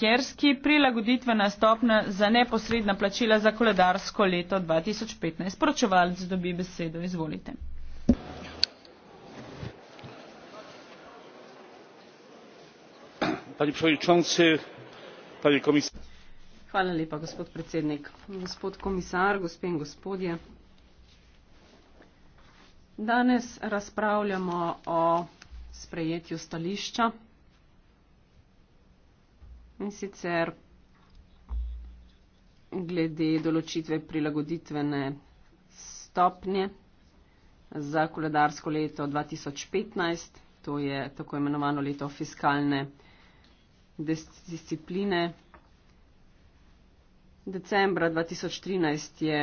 jerski prilagoditvena stopnja za neposredna plačila za koledarsko leto 2015. Poročevalc dobi besedo, izvolite. Pani predsednici, pani komisarki. Hvala lepa, gospod predsednik. Gospod komisar, gospe in gospodje. Danes razpravljamo o sprejetju stališča In sicer glede določitve prilagoditvene stopnje za koledarsko leto 2015, to je tako imenovano leto fiskalne discipline. Decembra 2013 je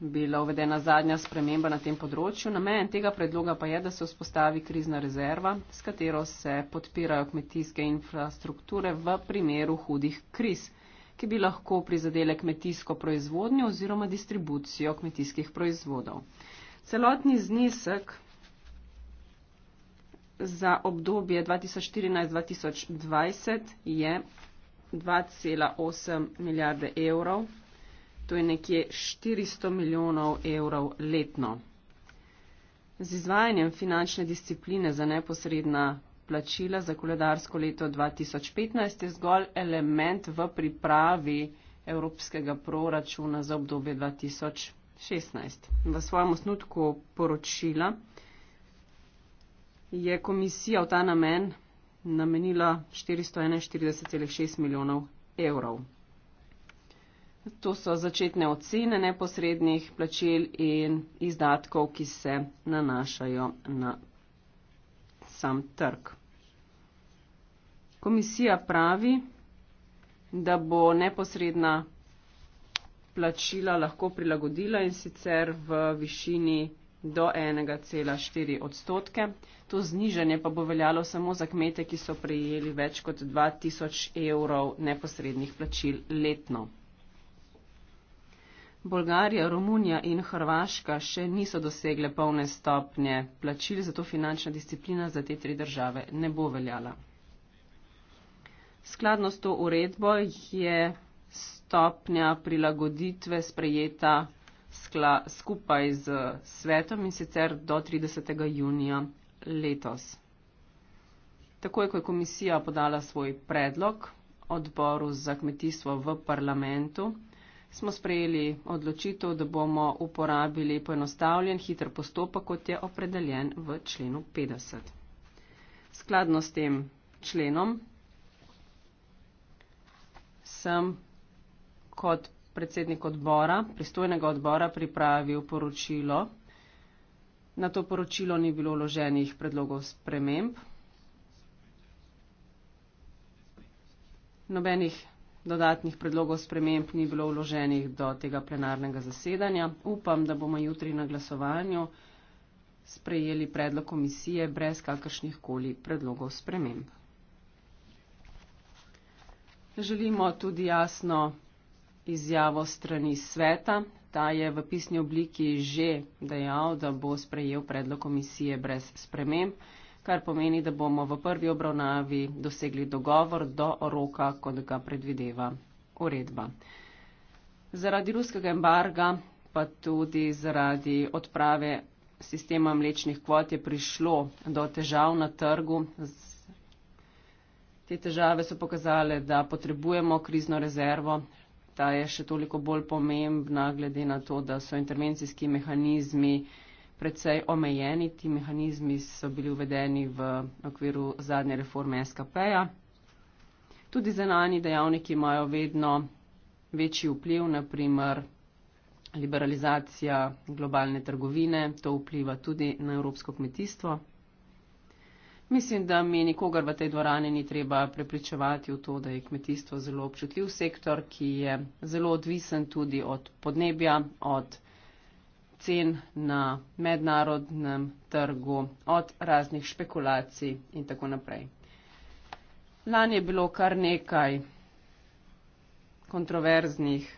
bila uvedena zadnja sprememba na tem področju. Namen tega predloga pa je, da se vzpostavi krizna rezerva, s katero se podpirajo kmetijske infrastrukture v primeru hudih kriz, ki bi lahko prizadele kmetijsko proizvodnjo oziroma distribucijo kmetijskih proizvodov. Celotni znesek za obdobje 2014-2020 je 2,8 milijarde evrov. To je nekje 400 milijonov evrov letno. Z izvajanjem finančne discipline za neposredna plačila za koledarsko leto 2015 je zgolj element v pripravi evropskega proračuna za obdobje 2016. V svojem osnutku poročila je komisija v ta namen namenila 441,6 milijonov evrov. To so začetne ocene neposrednih plačil in izdatkov, ki se nanašajo na sam trg. Komisija pravi, da bo neposredna plačila lahko prilagodila in sicer v višini do 1,4 odstotke. To znižanje pa bo veljalo samo za kmete, ki so prejeli več kot 2000 evrov neposrednih plačil letno. Bolgarija, Romunija in Hrvaška še niso dosegle polne stopnje plačil, zato finančna disciplina za te tri države ne bo veljala. Skladno s to uredbo je stopnja prilagoditve sprejeta skla, skupaj z svetom in sicer do 30. junija letos. Takoj, ko je komisija podala svoj predlog odboru za kmetijstvo v parlamentu, smo sprejeli odločitev, da bomo uporabili poenostavljen hiter postopek, kot je opredeljen v členu 50. Skladno s tem členom sem kot predsednik odbora, pristojnega odbora, pripravil poročilo. Na to poročilo ni bilo vloženih predlogov sprememb. Nobenih dodatnih predlogov sprememb ni bilo vloženih do tega plenarnega zasedanja. Upam, da bomo jutri na glasovanju sprejeli predlog komisije brez kakršnih koli predlogov sprememb. Želimo tudi jasno izjavo strani sveta. Ta je v pisni obliki že dejal, da bo sprejel predlog komisije brez sprememb kar pomeni, da bomo v prvi obravnavi dosegli dogovor do roka, kot ga predvideva uredba. Zaradi ruskega embarga, pa tudi zaradi odprave sistema mlečnih kvot je prišlo do težav na trgu. Te težave so pokazale, da potrebujemo krizno rezervo. Ta je še toliko bolj pomembna, glede na to, da so intervencijski mehanizmi precej omejeni. Ti mehanizmi so bili uvedeni v okviru zadnje reforme SKP-ja. Tudi zanani dejavniki imajo vedno večji vpliv, naprimer liberalizacija globalne trgovine, to vpliva tudi na evropsko kmetijstvo. Mislim, da mi nikogar v tej dvorani ni treba prepričevati v to, da je kmetijstvo zelo občutljiv sektor, ki je zelo odvisen tudi od podnebja, od cen na mednarodnem trgu, od raznih špekulacij in tako naprej. Lani je bilo kar nekaj kontroverznih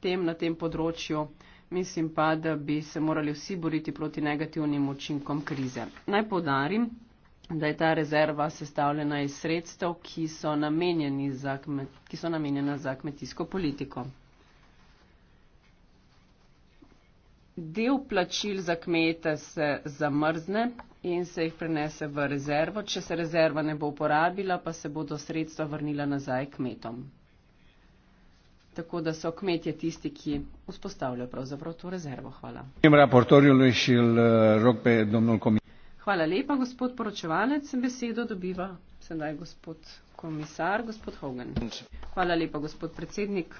tem na tem področju. Mislim pa, da bi se morali vsi boriti proti negativnim učinkom krize. Naj povdarim, da je ta rezerva sestavljena iz sredstev, ki so, za kmet, ki so namenjena za kmetijsko politiko. del plačil za kmete se zamrzne in se jih prenese v rezervo. Če se rezerva ne bo uporabila, pa se bodo sredstva vrnila nazaj kmetom. Tako da so kmetje tisti, ki vzpostavljajo pravzaprav to rezervo. Hvala. Hvala lepa, gospod poročevalec. Besedo dobiva sedaj gospod komisar, gospod Hogan. Hvala lepa, gospod predsednik.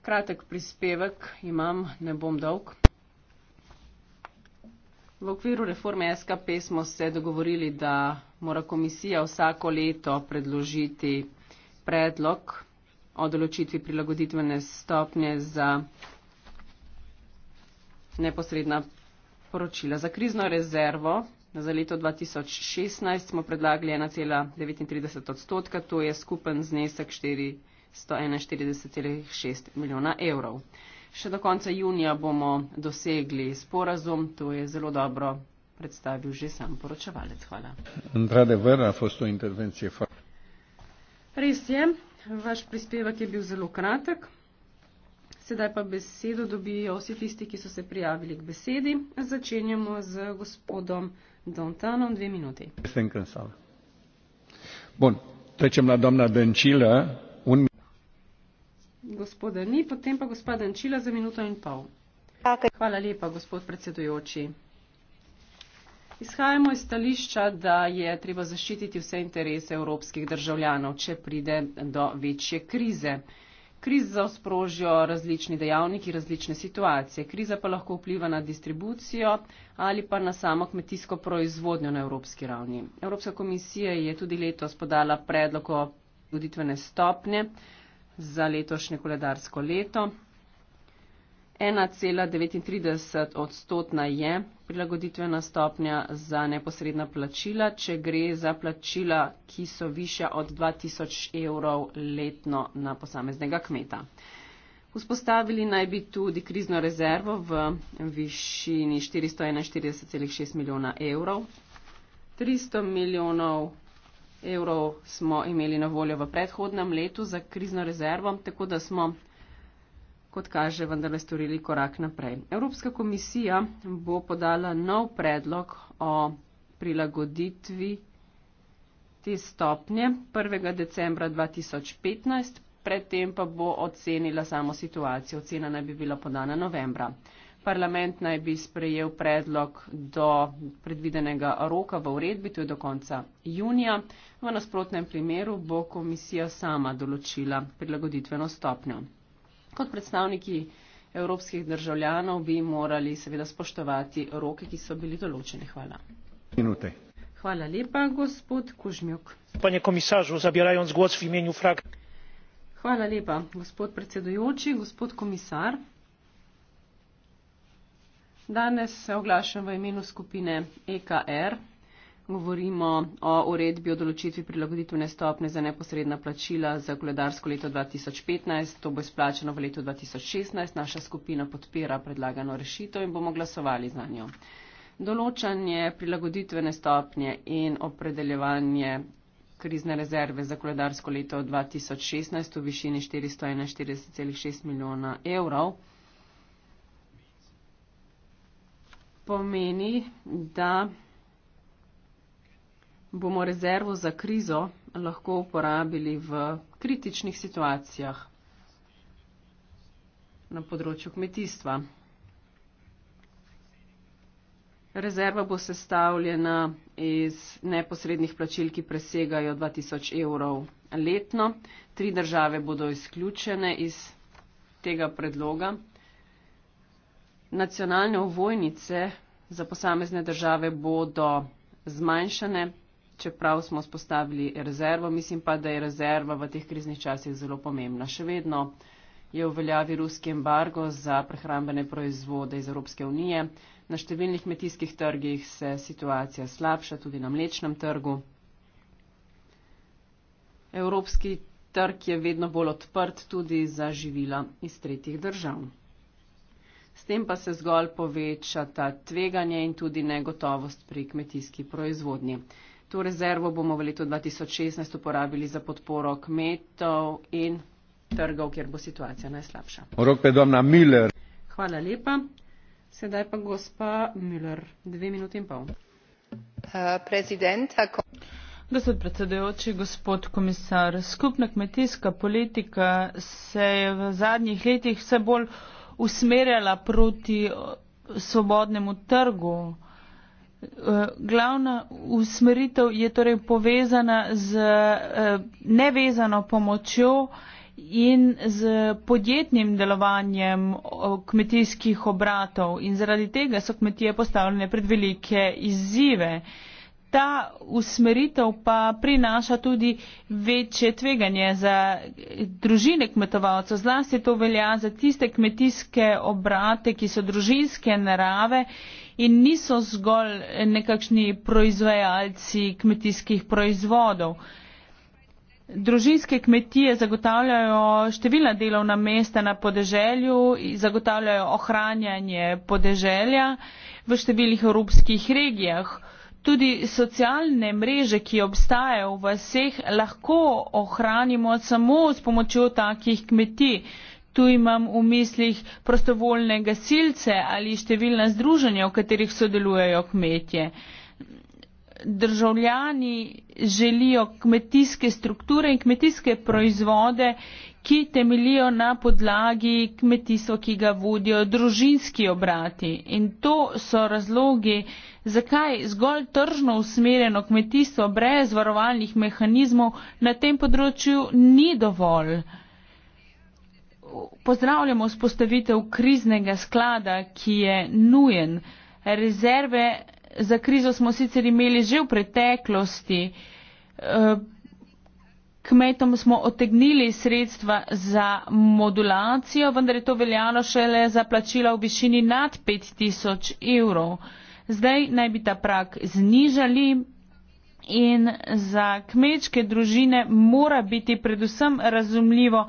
Kratek prispevek imam, ne bom dolg. V okviru reforme SKP smo se dogovorili, da mora komisija vsako leto predložiti predlog o določitvi prilagoditvene stopnje za neposredna poročila. Za krizno rezervo za leto 2016 smo predlagali 1,39 odstotka, to je skupen znesek 4. 141,6 milijona evrov. Še do konca junija bomo dosegli sporazum, to je zelo dobro predstavil že sam poročevalec. Hvala. Res je, vaš prispevek je bil zelo kratek. Sedaj pa besedo dobijo vsi tisti, ki so se prijavili k besedi. Začenjamo z gospodom Dontanom, dve minuti. Bon, trečem na domna Dančila gospoda ni, potem pa gospoda Ančila za minuto in pol. Hvala lepa, gospod predsedujoči. Izhajamo iz stališča, da je treba zaščititi vse interese evropskih državljanov, če pride do večje krize. Kriza sprožijo različni dejavniki, različne situacije. Kriza pa lahko vpliva na distribucijo ali pa na samo kmetijsko proizvodnjo na evropski ravni. Evropska komisija je tudi letos podala predlog o voditvene stopnje za letošnje koledarsko leto. 1,39 odstotna je prilagoditvena stopnja za neposredna plačila, če gre za plačila, ki so više od 2000 evrov letno na posameznega kmeta. Vzpostavili naj bi tudi krizno rezervo v višini 441,6 milijona evrov. 300 milijonov evrov smo imeli na voljo v predhodnem letu za krizno rezervo, tako da smo, kot kaže, vendarle storili korak naprej. Evropska komisija bo podala nov predlog o prilagoditvi te stopnje 1. decembra 2015, predtem pa bo ocenila samo situacijo. Ocena naj bi bila podana novembra. Parlament naj bi sprejel predlog do predvidenega roka v uredbi, to je do konca junija. V nasprotnem primeru bo komisija sama določila prilagoditveno stopnjo. Kot predstavniki evropskih državljanov bi morali seveda spoštovati roke, ki so bili določeni. Hvala. Minute. Hvala lepa, gospod Kužmjuk. Panje komisažu, zabirajo zgod v imenju frak. Hvala lepa, gospod predsedujoči, gospod komisar. Danes se oglašam v imenu skupine EKR. Govorimo o uredbi o določitvi prilagoditvene stopne za neposredna plačila za koledarsko leto 2015. To bo izplačeno v letu 2016. Naša skupina podpira predlagano rešitev in bomo glasovali za njo. Določanje prilagoditvene stopnje in opredeljevanje krizne rezerve za koledarsko leto 2016 v višini 441,6 milijona evrov. pomeni, da bomo rezervo za krizo lahko uporabili v kritičnih situacijah na področju kmetijstva. Rezerva bo sestavljena iz neposrednih plačil, ki presegajo 2000 evrov letno. Tri države bodo izključene iz tega predloga nacionalne ovojnice za posamezne države bodo zmanjšane, čeprav smo spostavili rezervo. Mislim pa, da je rezerva v teh kriznih časih zelo pomembna. Še vedno je v veljavi ruski embargo za prehrambene proizvode iz Evropske unije. Na številnih kmetijskih trgih se situacija slabša, tudi na mlečnem trgu. Evropski trg je vedno bolj odprt tudi za živila iz tretjih držav. S tem pa se zgolj povečata tveganje in tudi negotovost pri kmetijski proizvodnji. To rezervo bomo v letu 2016 uporabili za podporo kmetov in trgov, kjer bo situacija najslabša. Hvala lepa. Sedaj pa gospa Müller, dve minuti in pol. Uh, gospod predsedujoči, gospod komisar, skupna kmetijska politika se je v zadnjih letih vse bolj usmerjala proti eh, svobodnemu trgu. Eh, glavna usmeritev je torej povezana z eh, nevezano pomočjo in z podjetnim delovanjem kmetijskih obratov in zaradi tega so kmetije postavljene pred velike izzive ta usmeritev pa prinaša tudi večje tveganje za družine kmetovalcev. Zlasti to velja za tiste kmetijske obrate, ki so družinske narave in niso zgolj nekakšni proizvajalci kmetijskih proizvodov. Družinske kmetije zagotavljajo številna delovna mesta na podeželju, zagotavljajo ohranjanje podeželja v številnih evropskih regijah tudi socialne mreže ki obstajajo v vaseh lahko ohranimo samo s pomočjo takih kmetij tu imam v mislih prostovoljne gasilce ali številna združenja v katerih sodelujejo kmetje državljani želijo kmetijske strukture in kmetijske proizvode ki temelijo na podlagi kmetijstva, ki ga vodijo družinski obrati. In to so razlogi, zakaj zgolj tržno usmerjeno kmetijstvo brez varovalnih mehanizmov na tem področju ni dovolj. Pozdravljamo spostavitev kriznega sklada, ki je nujen. Rezerve za krizo smo sicer imeli že v preteklosti. Eh, kmetom smo otegnili sredstva za modulacijo vendar je to veljalo šele za plačila v višini nad pet tisoč evrov zdaj naj bi ta prag znižali in za kmečke družine mora biti predvsem razumljivo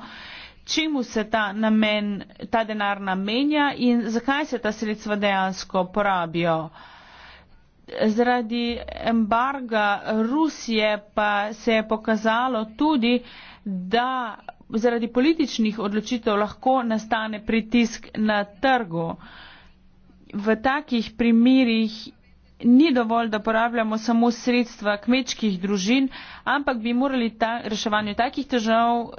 čemu se ta namen ta denar namenja in zakaj se ta sredstva dejansko porabijo zaradi embarga Rusije pa se je pokazalo tudi, da zaradi političnih odločitev lahko nastane pritisk na trgu. V takih primerjih ni dovolj, da porabljamo samo sredstva kmečkih družin, ampak bi morali ta, reševanju takih težav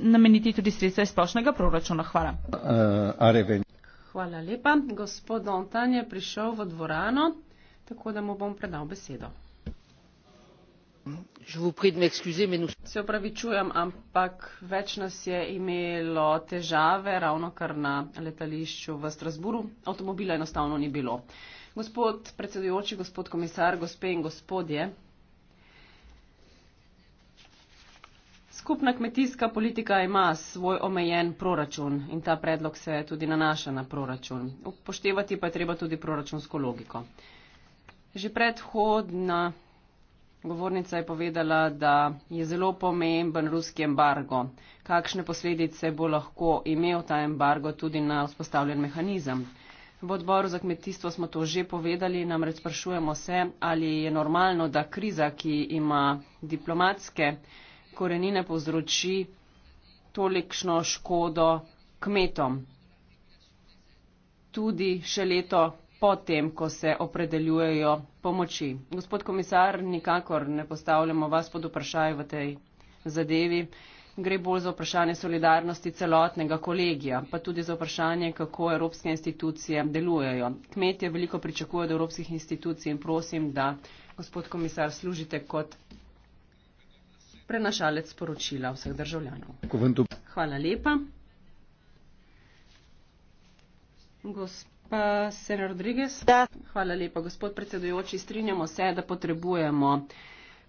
nameniti tudi sredstva iz splošnega proračuna. Hvala. Uh, Hvala lepa. Gospod Dontan je prišel v dvorano tako da mu bom predal besedo. Se opravičujem, ampak več nas je imelo težave ravno kar na letališču v Strasburu. Avtomobila enostavno ni bilo. Gospod predsedujoči, gospod komisar, gospe in gospodje. Skupna kmetijska politika ima svoj omejen proračun in ta predlog se tudi nanaša na proračun. Upoštevati pa je treba tudi proračunsko logiko. Že predhodna govornica je povedala, da je zelo pomemben ruski embargo. Kakšne posledice bo lahko imel ta embargo tudi na vzpostavljen mehanizem? V odboru za kmetijstvo smo to že povedali, namreč sprašujemo se, ali je normalno, da kriza, ki ima diplomatske korenine, povzroči tolikšno škodo kmetom. Tudi še leto potem, ko se opredeljujejo pomoči. Gospod komisar, nikakor ne postavljamo vas pod vprašaj v tej zadevi. Gre bolj za vprašanje solidarnosti celotnega kolegija, pa tudi za vprašanje, kako evropske institucije delujejo. Kmetje veliko pričakujejo od evropskih institucij in prosim, da gospod komisar služite kot prenašalec poročila vseh državljanov. Hvala lepa. Gospod. Hvala lepa, gospod predsedujoči. Strinjamo se, da potrebujemo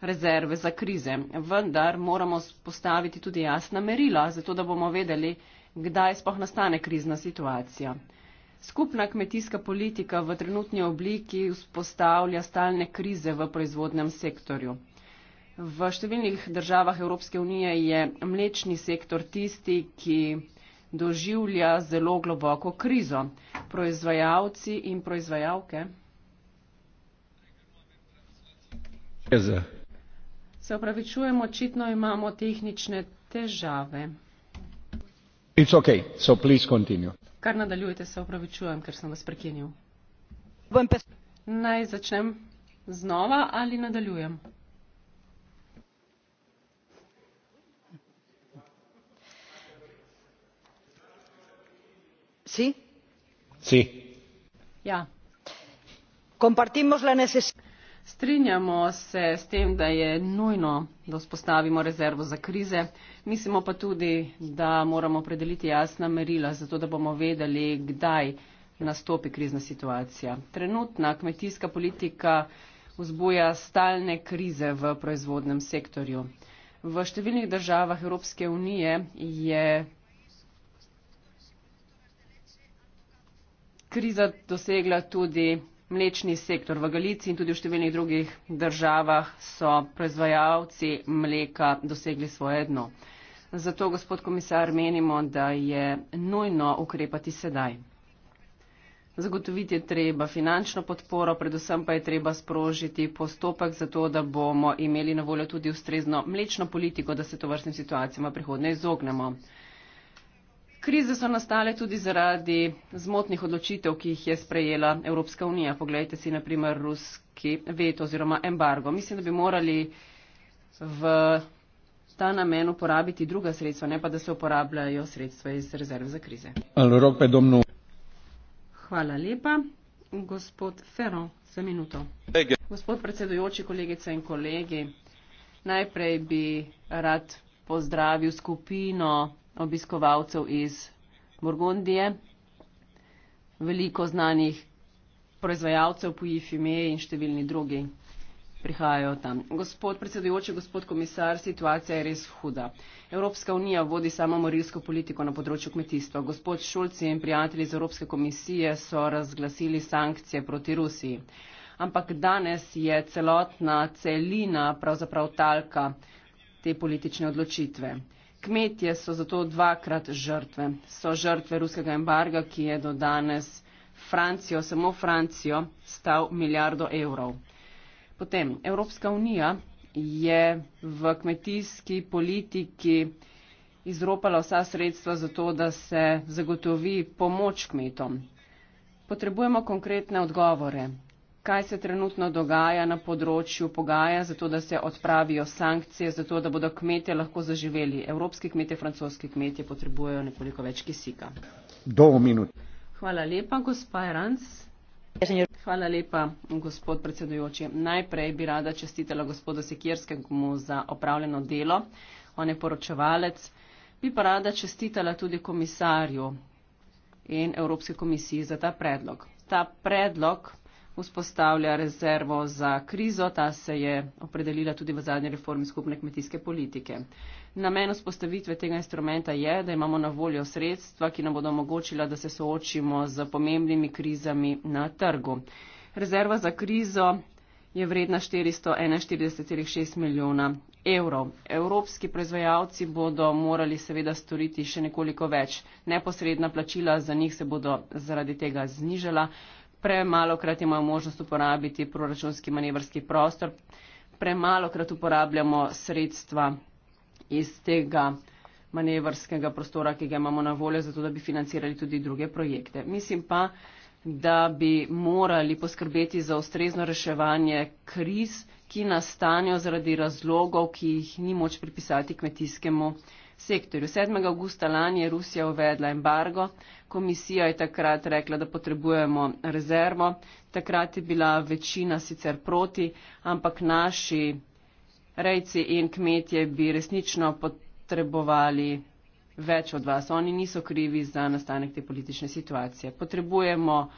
rezerve za krize, vendar moramo postaviti tudi jasna merila, zato da bomo vedeli, kdaj spoh nastane krizna situacija. Skupna kmetijska politika v trenutni obliki vzpostavlja stalne krize v proizvodnem sektorju. V številnih državah Evropske unije je mlečni sektor tisti, ki doživlja zelo globoko krizo. Proizvajalci in proizvajalke. Se opravičujemo, očitno imamo tehnične težave. Okay, so Kar nadaljujete, se opravičujem, ker sem vas prekinil. Naj začnem znova ali nadaljujem? Ja. strinjamo se s tem da je nujno da vzpostavimo rezervo za krize mislimo pa tudi da moramo opredeliti jasna merila zato da bomo vedeli kdaj nastopi krizna situacija. trenutna kmetijska politika vzbuja stalne krize v proizvodnem sektorju. v številnih državah evropske unije je kriza dosegla tudi mlečni sektor. V Galiciji in tudi v številnih drugih državah so proizvajalci mleka dosegli svoje dno. Zato, gospod komisar, menimo, da je nujno ukrepati sedaj. Zagotoviti je treba finančno podporo, predvsem pa je treba sprožiti postopek za to, da bomo imeli na voljo tudi ustrezno mlečno politiko, da se to vrstnim situacijama prihodne izognemo. Krize so nastale tudi zaradi zmotnih odločitev, ki jih je sprejela Evropska unija. Poglejte si naprimer ruski veto oziroma embargo. Mislim, da bi morali v ta namen uporabiti druga sredstva, ne pa da se uporabljajo sredstva iz rezerv za krize. Hvala lepa. Gospod Ferro, za minuto. Gospod predsedujoči, kolegice in kolegi, najprej bi rad pozdravil skupino obiskovalcev iz Burgundije, veliko znanih proizvajalcev po IFME in številni drugi prihajajo tam. Gospod predsedujoči, gospod komisar, situacija je res huda. Evropska unija vodi samo morilsko politiko na področju kmetijstva. Gospod Šulc in prijatelji iz Evropske komisije so razglasili sankcije proti Rusiji. Ampak danes je celotna celina pravzaprav talka te politične odločitve. Kmetje so zato dvakrat žrtve. So žrtve ruskega embarga, ki je do danes Francijo, samo Francijo, stal milijardo evrov. Potem Evropska unija je v kmetijski politiki izropala vsa sredstva za to, da se zagotovi pomoč kmetom. Potrebujemo konkretne odgovore kaj se trenutno dogaja na področju pogaja, zato da se odpravijo sankcije, zato da bodo kmetje lahko zaživeli. Evropski kmetje, francoski kmetje potrebujejo nekoliko več kisika. Do minut. Hvala lepa, gospa Ranc. Hvala lepa, gospod predsedujoči. Najprej bi rada čestitela gospodu Sekirskemu za opravljeno delo. On je poročevalec. Bi pa rada čestitela tudi komisarju in Evropske komisiji za ta predlog. Ta predlog vzpostavlja rezervo za krizo, ta se je opredelila tudi v zadnji reformi skupne kmetijske politike. Namen vzpostavitve tega instrumenta je, da imamo na voljo sredstva, ki nam bodo omogočila, da se soočimo z pomembnimi krizami na trgu. Rezerva za krizo je vredna 441,6 milijona evrov. Evropski proizvajalci bodo morali seveda storiti še nekoliko več. Neposredna plačila za njih se bodo zaradi tega znižala premalo krat imajo možnost uporabiti proračunski manevrski prostor, premalo krat uporabljamo sredstva iz tega manevrskega prostora, ki ga imamo na voljo, zato da bi financirali tudi druge projekte. Mislim pa, da bi morali poskrbeti za ustrezno reševanje kriz, ki nastanjo zaradi razlogov, ki jih ni moč pripisati kmetijskemu sektorju. 7. augusta lani je Rusija uvedla embargo, komisija je takrat rekla, da potrebujemo rezervo, takrat je bila večina sicer proti, ampak naši rejci in kmetje bi resnično potrebovali več od vas. Oni niso krivi za nastanek te politične situacije. Potrebujemo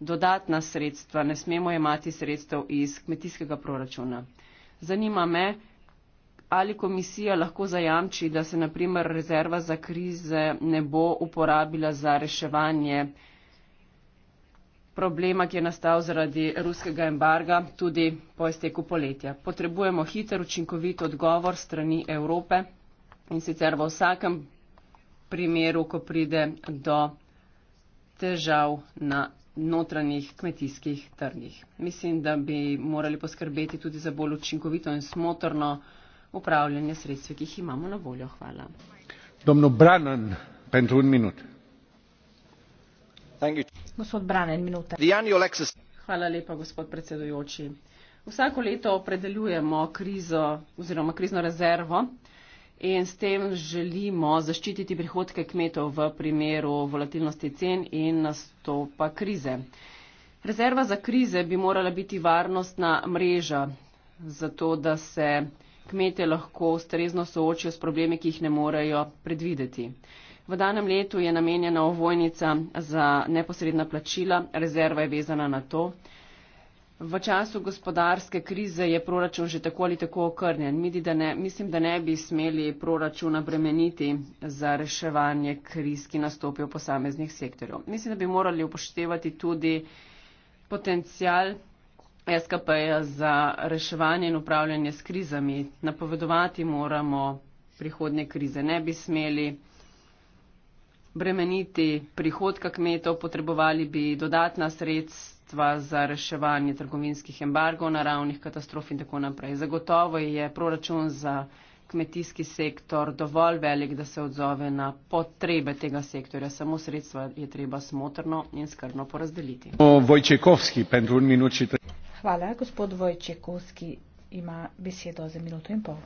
dodatna sredstva, ne smemo imati sredstev iz kmetijskega proračuna. Zanima me, ali komisija lahko zajamči, da se naprimer rezerva za krize ne bo uporabila za reševanje problema, ki je nastal zaradi ruskega embarga tudi po izteku poletja. Potrebujemo hiter, učinkovit odgovor strani Evrope in sicer v vsakem primeru, ko pride do težav na notranjih kmetijskih trgih. Mislim, da bi morali poskrbeti tudi za bolj učinkovito in smotrno upravljanje sredstev ki jih imamo na voljo. Hvala. Hvala lepa, gospod predsedujoči. Vsako leto opredeljujemo krizo oziroma krizno rezervo in s tem želimo zaščititi prihodke kmetov v primeru volatilnosti cen in nastopa krize. Rezerva za krize bi morala biti varnostna mreža, zato da se kmete lahko ustrezno soočijo s problemi, ki jih ne morejo predvideti. V danem letu je namenjena ovojnica za neposredna plačila, rezerva je vezana na to. V času gospodarske krize je proračun že tako ali tako okrnjen. Midi, da ne, mislim, da ne bi smeli proračuna bremeniti za reševanje kriz, ki nastopijo v posameznih sektorjev. Mislim, da bi morali upoštevati tudi potencial SKP -ja za reševanje in upravljanje s krizami. Napovedovati moramo prihodne krize. Ne bi smeli bremeniti prihodka kmetov, potrebovali bi dodatna sredstva za reševanje trgovinskih embargov, naravnih katastrof in tako naprej. Zagotovo je proračun za kmetijski sektor dovolj velik, da se odzove na potrebe tega sektorja. Samo sredstva je treba smotrno in skrbno porazdeliti. Hvala. Gospod Wojciechowski ima besedo za minuto in pol.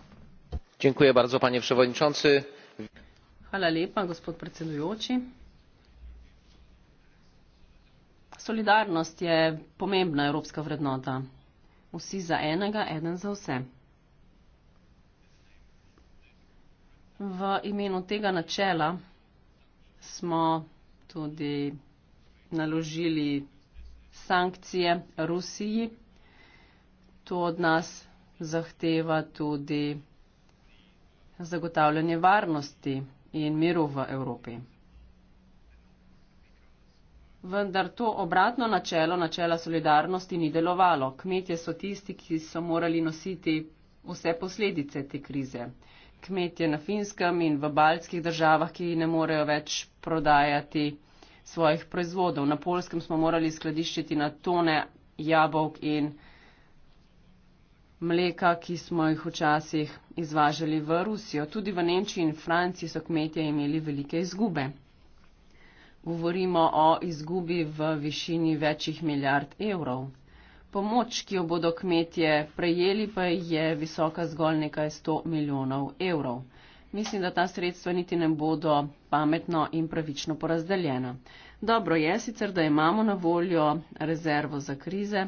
Dziękuję bardzo, panie przewodniczący. Hvala lepa, gospod predsedujoči. Solidarnost je pomembna evropska vrednota. Vsi za enega, eden za vse. V imenu tega načela smo tudi naložili sankcije Rusiji to od nas zahteva tudi zagotavljanje varnosti in miru v Evropi. Vendar to obratno načelo, načela solidarnosti, ni delovalo. Kmetje so tisti, ki so morali nositi vse posledice te krize. Kmetje na finskem in v baltskih državah, ki ne morejo več prodajati svojih proizvodov. Na polskem smo morali skladiščiti na tone jabolk in mleka, ki smo jih včasih izvažali v Rusijo. Tudi v Nemčiji in Franciji so kmetje imeli velike izgube. Govorimo o izgubi v višini večjih milijard evrov. Pomoč, ki jo bodo kmetje prejeli, pa je visoka zgolj nekaj 100 milijonov evrov. Mislim, da ta sredstva niti ne bodo pametno in pravično porazdeljena. Dobro je sicer, da imamo na voljo rezervo za krize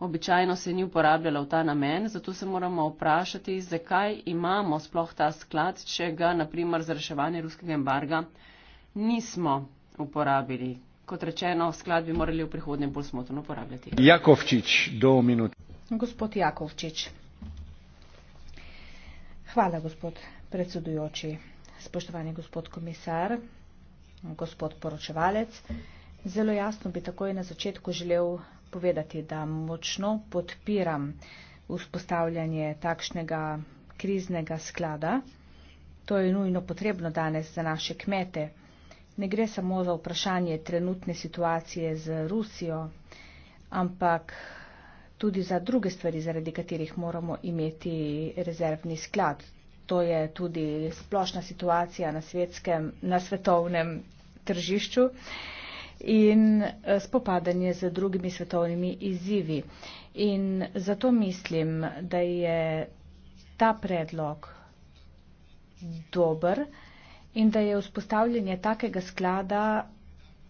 običajno se ni uporabljala v ta namen, zato se moramo vprašati, zakaj imamo sploh ta sklad, če ga naprimer za reševanje ruskega embarga nismo uporabili. Kot rečeno, sklad bi morali v prihodnje bolj smotrno uporabljati. Jakovčič, do minut. Gospod Jakovčič. Hvala, gospod predsedujoči. Spoštovani gospod komisar, gospod poročevalec, zelo jasno bi takoj na začetku želel povedati, da močno podpiram vzpostavljanje takšnega kriznega sklada. To je nujno potrebno danes za naše kmete. Ne gre samo za vprašanje trenutne situacije z Rusijo, ampak tudi za druge stvari, zaradi katerih moramo imeti rezervni sklad. To je tudi splošna situacija na, svetskem, na svetovnem tržišču. Uh, in eh, spopadanje z drugimi svetovnimi izzivi. In zato mislim, da je ta predlog dober in da je vzpostavljanje takega sklada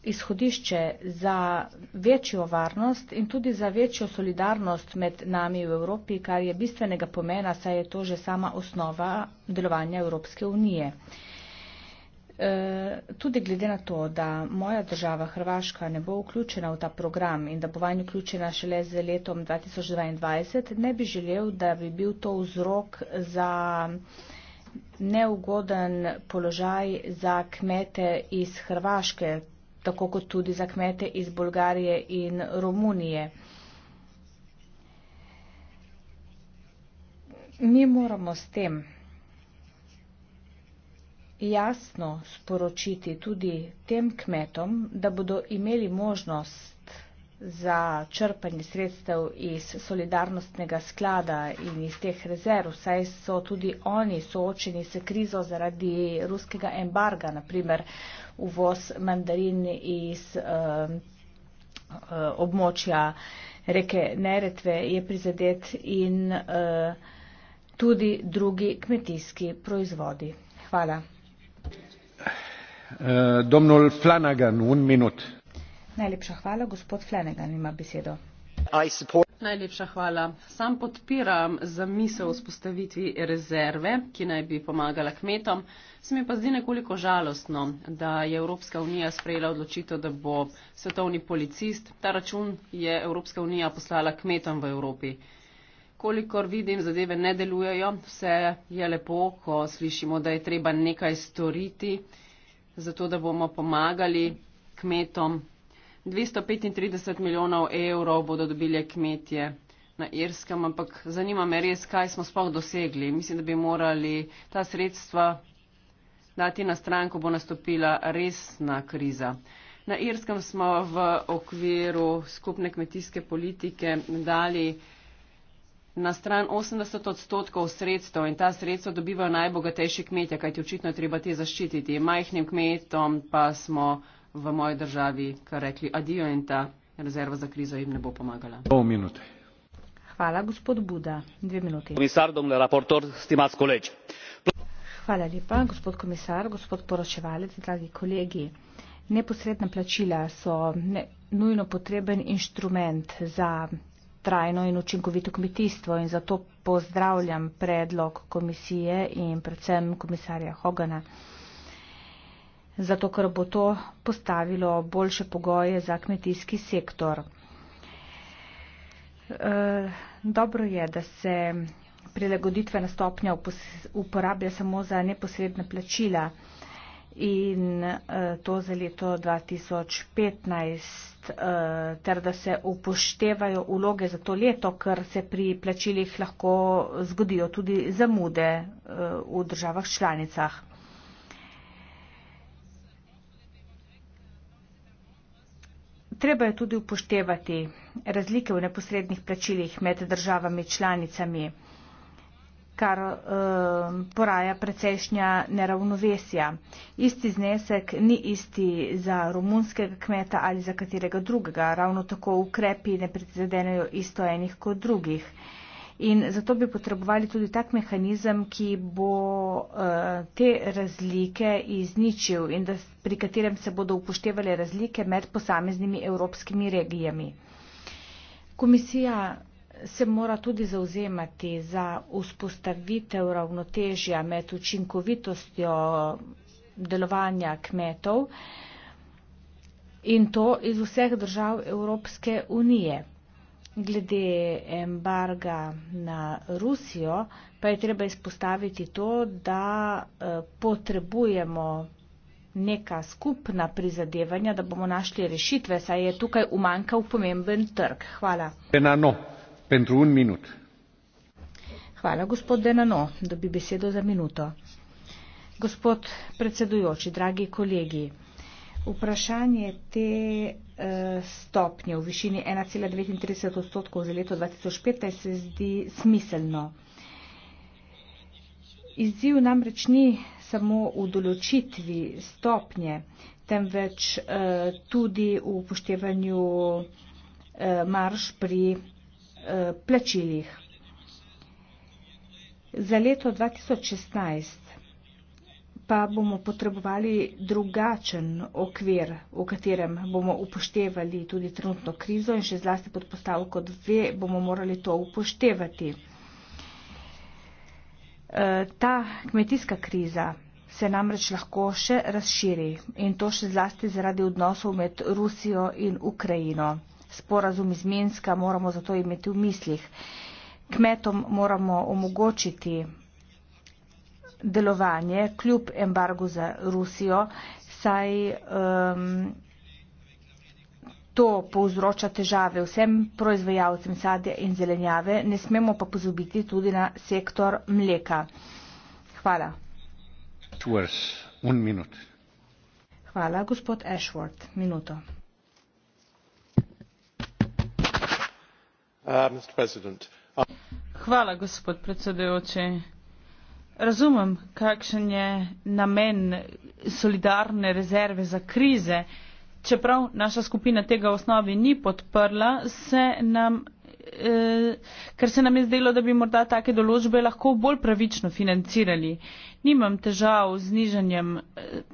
izhodišče za večjo varnost in tudi za večjo solidarnost med nami v Evropi, kar je bistvenega pomena, saj je to že sama osnova delovanja Evropske unije. Uh, Eh, tudi glede na to, da moja država Hrvaška ne bo vključena v ta program in da bo vanj vključena šele z letom 2022, ne bi želel, da bi bil to vzrok za neugoden položaj za kmete iz Hrvaške, tako kot tudi za kmete iz Bolgarije in Romunije. Mi moramo s tem jasno sporočiti tudi tem kmetom, da bodo imeli možnost za črpanje sredstev iz solidarnostnega sklada in iz teh rezerv, saj so tudi oni soočeni s krizo zaradi ruskega embarga, naprimer uvoz mandarin iz uh, uh, območja reke Neretve je prizadet in uh, tudi drugi kmetijski proizvodi. Hvala. Eh, sam podpiram zamisel o vzpostavitvi rezerve ki naj bi pomagala kmetom se mi pa zdi nekoliko žalostno da je evropska unija sprejela odločitev da bo svetovni policist ta račun je evropska unija poslala kmetom v evropi Kolikor vidim, zadeve ne delujejo, vse je lepo, ko slišimo, da je treba nekaj storiti, zato da bomo pomagali kmetom. 235 milijonov evrov bodo dobili kmetje na Irskem, ampak zanima me res, kaj smo sploh dosegli. Mislim, da bi morali ta sredstva dati na stran, ko bo nastopila resna kriza. Na Irskem smo v okviru skupne kmetijske politike dali na stran 80 odstotkov sredstev in ta sredstva dobivajo najbogatejši kmetje, kajti očitno je treba te zaščititi. Majhnim kmetom pa smo v moji državi, kar rekli, adijo in ta rezerva za krizo jim ne bo pomagala. Hvala, gospod Buda. Dve minuti. Hvala lepa, gospod komisar, gospod poročevalec, dragi kolegi. Neposredna plačila so ne, nujno potreben inštrument za trajno in učinkovito kmetijstvo in zato pozdravljam predlog komisije in predvsem komisarja Hogana. Zato, ker bo to postavilo boljše pogoje za kmetijski sektor. E, dobro je, da se prilagoditvena stopnja uporablja samo za neposredne plačila in eh, to za leto 2015, eh, ter da se upoštevajo vloge za to leto, ker se pri plačilih lahko zgodijo tudi zamude eh, v državah članicah. Treba je tudi upoštevati razlike v neposrednih plačilih med državami članicami kar eh, poraja precejšnja neravnovesja. Isti znesek ni isti za romunskega kmeta ali za katerega drugega, ravno tako ukrepi ne predzadenejo isto enih kot drugih. In zato bi potrebovali tudi tak mehanizem, ki bo uh, te razlike izničil in da, pri katerem se bodo upoštevali razlike med posameznimi evropskimi regijami. Komisija se mora tudi zauzemati za vzpostavitev ravnotežja med učinkovitostjo delovanja kmetov in to iz vseh držav Evropske unije. Glede embarga na Rusijo pa je treba izpostaviti to, da eh, potrebujemo neka skupna prizadevanja, da bomo našli rešitve, saj je tukaj umanjkal pomemben trg. Hvala. Penano. Gospod predsedujoči, dragi kolegi, vprašanje te eh, stopnje v višini 1,39 odstotkov za leto 2015 se zdi smiselno. Izziv namreč ni samo v določitvi stopnje, temveč eh, tudi v upoštevanju eh, marš pri Eh, plačilih. Za leto 2016 pa bomo potrebovali drugačen okvir, v katerem bomo upoštevali tudi trenutno krizo in še zlasti pod postavko dve bomo morali to upoštevati. Eh, ta kmetijska kriza se namreč lahko še razširi in to še zlasti zaradi odnosov med Rusijo in Ukrajino sporazum iz Minska moramo zato imeti v mislih. Kmetom moramo omogočiti delovanje kljub embargu za Rusijo, saj um, to povzroča težave vsem proizvajalcem sadja in zelenjave, ne smemo pa pozobiti tudi na sektor mleka. Hvala. Tours, un minut. Hvala, gospod Ashworth. Minuto. Uh, uh, razumem kakšen je namen solidarne rezerve za krize čeprav naša skupina tega v osnovi ni podprla eh, ker se nam je zdelo da bi morda take določbe lahko bolj pravično financirali. nimam težav z znižanjem eh,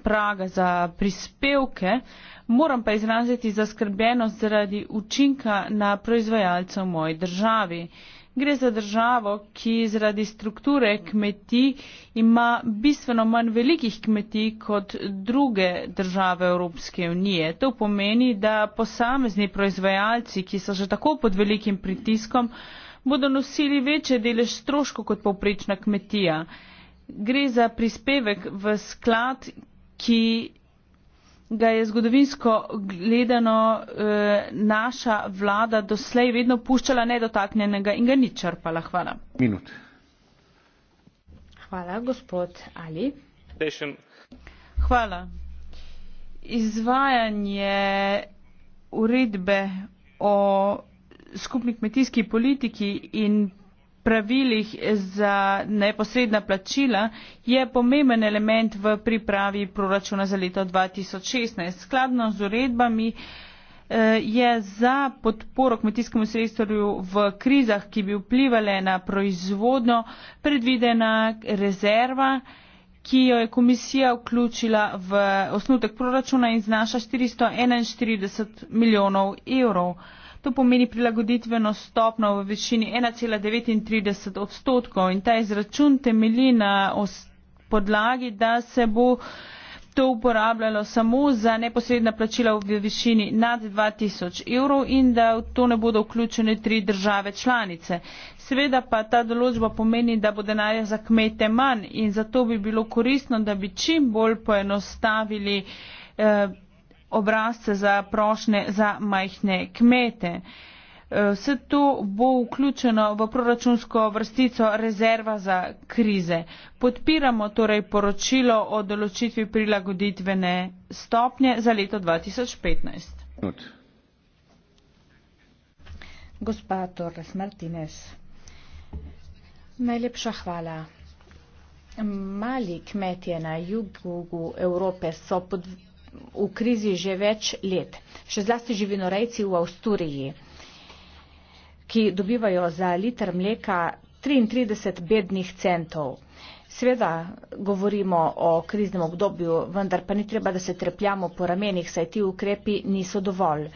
praga za prispevke vendar pa bi rada da bi se ta znižana sredstva moram pa izraziti zaskrbljenost zaradi učinka na proizvajalce v moji državi. Gre za državo, ki zaradi strukture kmetij ima bistveno manj velikih kmetij kot druge države Evropske unije. To pomeni, da posamezni proizvajalci, ki so že tako pod velikim pritiskom, bodo nosili večje delež stroško kot povprečna kmetija. Gre za prispevek v sklad, ki ga je zgodovinsko gledano eh, naša vlada doslej vedno puščala nedotaknjenega in ga ni črpala. Hvala. Minut. Hvala, gospod Ali. Dešen. Hvala. Izvajanje uredbe o skupni kmetijski politiki in pravilih za neposredna plačila je pomemben element v pripravi proračuna za leto 2016. Skladno z uredbami eh, je za podporo kmetijskemu sektorju v krizah, ki bi vplivale na proizvodno, predvidena rezerva, ki jo je komisija vključila v osnutek proračuna in znaša 441 milijonov evrov to pomeni prilagoditveno stopno v višini 1,39 odstotkov in ta izračun temelji na podlagi, da se bo to uporabljalo samo za neposredna plačila v višini nad 2000 evrov in da v to ne bodo vključene tri države članice. Seveda pa ta določba pomeni, da bo denarja za kmete manj in zato bi bilo koristno, da bi čim bolj poenostavili eh, obrazce za prošnje za majhne kmete. E, vse to bo vključeno v proračunsko vrstico rezerva za krize. Podpiramo torej poročilo o določitvi prilagoditvene stopnje za leto 2015. Gospa Torres Martinez, najlepša hvala. Mali kmetje na jugu Evrope so pod v krizi že več let. Še zlasti živinorejci v Avsturiji, ki dobivajo za liter mleka 33 bednih centov. Sveda govorimo o kriznem obdobju, vendar pa ni treba, da se trepljamo po ramenih, saj ti ukrepi niso dovolj.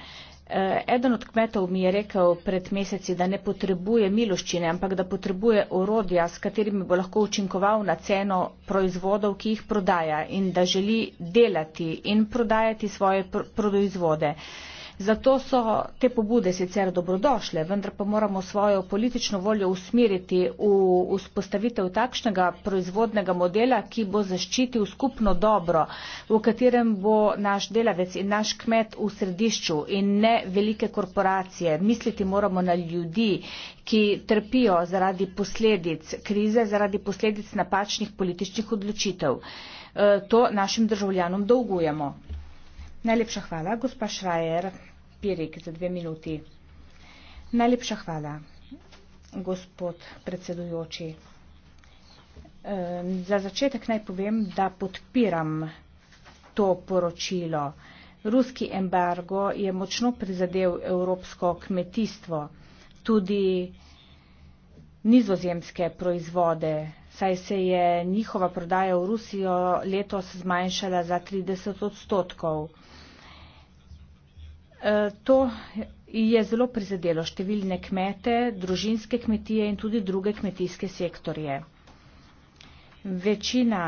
Eh, eden od kmetov mi je rekel pred meseci, da ne potrebuje miloščine, ampak da potrebuje orodja, s katerimi bo lahko učinkoval na ceno proizvodov, ki jih prodaja in da želi delati in prodajati svoje proizvode. Pr Zato so te pobude sicer dobrodošle, vendar pa moramo svojo politično voljo usmeriti v vzpostavitev takšnega proizvodnega modela, ki bo zaščitil skupno dobro, v katerem bo naš delavec in naš kmet v središču in ne velike korporacije. Misliti moramo na ljudi, ki trpijo zaradi posledic krize, zaradi posledic napačnih političnih odločitev. E, to našim državljanom dolgujemo. Najlepša hvala, gospa Švajer. Pirik, za dve minuti. Najlepša hvala, gospod predsedujoči. Ehm, za začetek naj povem, da podpiram to poročilo. Ruski embargo je močno prizadel evropsko kmetijstvo, tudi nizozemske proizvode saj se je njihova prodaja v Rusijo letos zmanjšala za 30 odstotkov. E, to je zelo prizadelo številne kmete, družinske kmetije in tudi druge kmetijske sektorje. Večina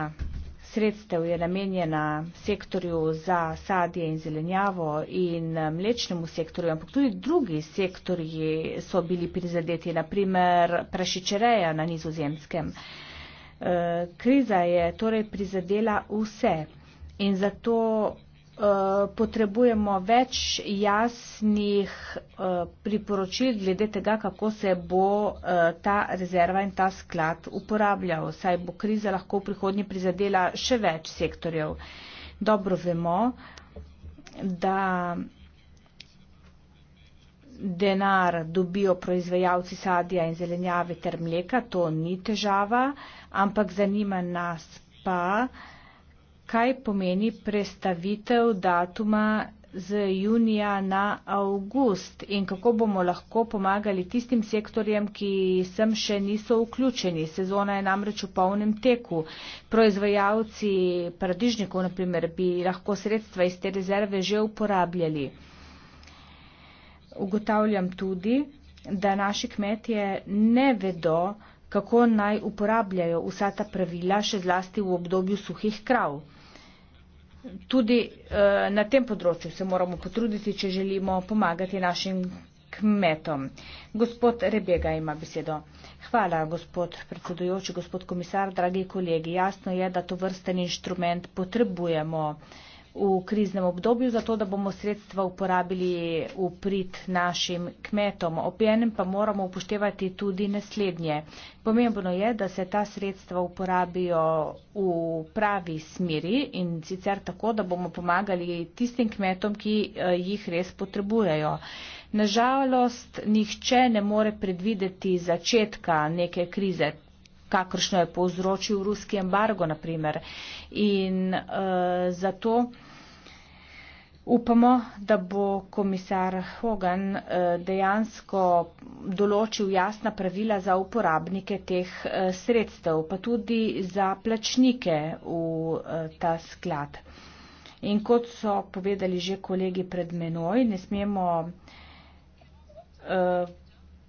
sredstev je namenjena sektorju za sadje in zelenjavo in e, mlečnemu sektorju, ampak tudi drugi sektorji so bili prizadeti, naprimer prašičereja na nizozemskem. Eh, kriza je torej prizadela vse in zato eh, potrebujemo več jasnih eh, priporočil glede tega, kako se bo ta rezerva in ta sklad uporabljal. Saj bo kriza lahko v prihodnje prizadela še več sektorjev. Dobro vemo, da denar dobijo proizvajalci sadja in zelenjave ter mleka, to ni težava, ampak zanima nas pa, kaj pomeni prestavitev datuma z junija na avgust in kako bomo lahko pomagali tistim sektorjem, ki sem še niso vključeni. Sezona je namreč v polnem teku. Proizvajalci paradižnikov, naprimer, bi lahko sredstva iz te rezerve že uporabljali ugotavljam tudi, da naši kmetje ne vedo, kako naj uporabljajo vsa ta pravila, še zlasti v obdobju suhih krav. Tudi eh, na tem področju se moramo potruditi, če želimo pomagati našim kmetom. Gospod Rebega ima besedo. Hvala, gospod predsedujoči, gospod komisar, dragi kolegi. Jasno je, da to vrsten inštrument potrebujemo. Eh, v kriznem obdobju, zato da bomo sredstva uporabili v prid našim kmetom. Objenem pa moramo upoštevati tudi naslednje. Pomembno je, da se ta sredstva uporabijo v pravi smeri in sicer tako, da bomo pomagali tistim kmetom, ki eh, jih res potrebujejo. Nažalost, nihče ne more predvideti začetka neke krize kakršno je povzročil ruski embargo, naprimer. In uh, zato upamo, da bo komisar Hogan uh, dejansko določil jasna pravila za uporabnike teh uh, sredstev, pa tudi za plačnike v uh, ta sklad. In kot so povedali že kolegi pred menoj, ne smemo uh,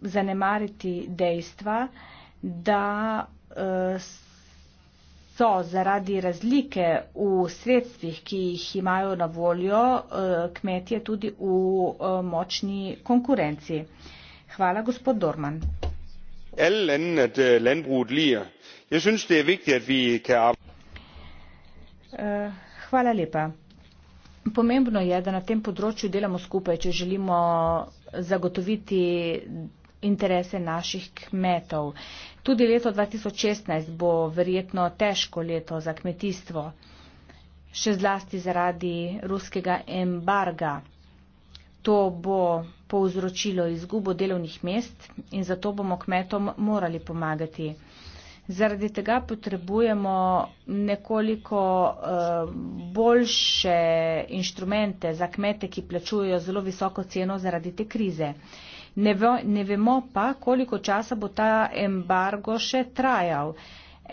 zanemariti dejstva, da eh, so zaradi razlike v sredstvih, ki jih imajo na voljo, eh, kmetje tudi v eh, močni konkurenci. Hvala, gospod Dorman. Er hvala lepa. Pomembno je, da na tem področju delamo skupaj, če želimo zagotoviti, interese naših kmetov. Tudi leto 2016 bo verjetno težko leto za kmetijstvo, še zlasti zaradi ruskega embarga. To bo povzročilo izgubo delovnih mest in zato bomo kmetom morali pomagati. Zaradi tega potrebujemo nekoliko eh, boljše inštrumente za kmete, ki plačujejo zelo visoko ceno zaradi te krize. Ne, ne vemo pa, koliko časa bo ta embargo še trajal.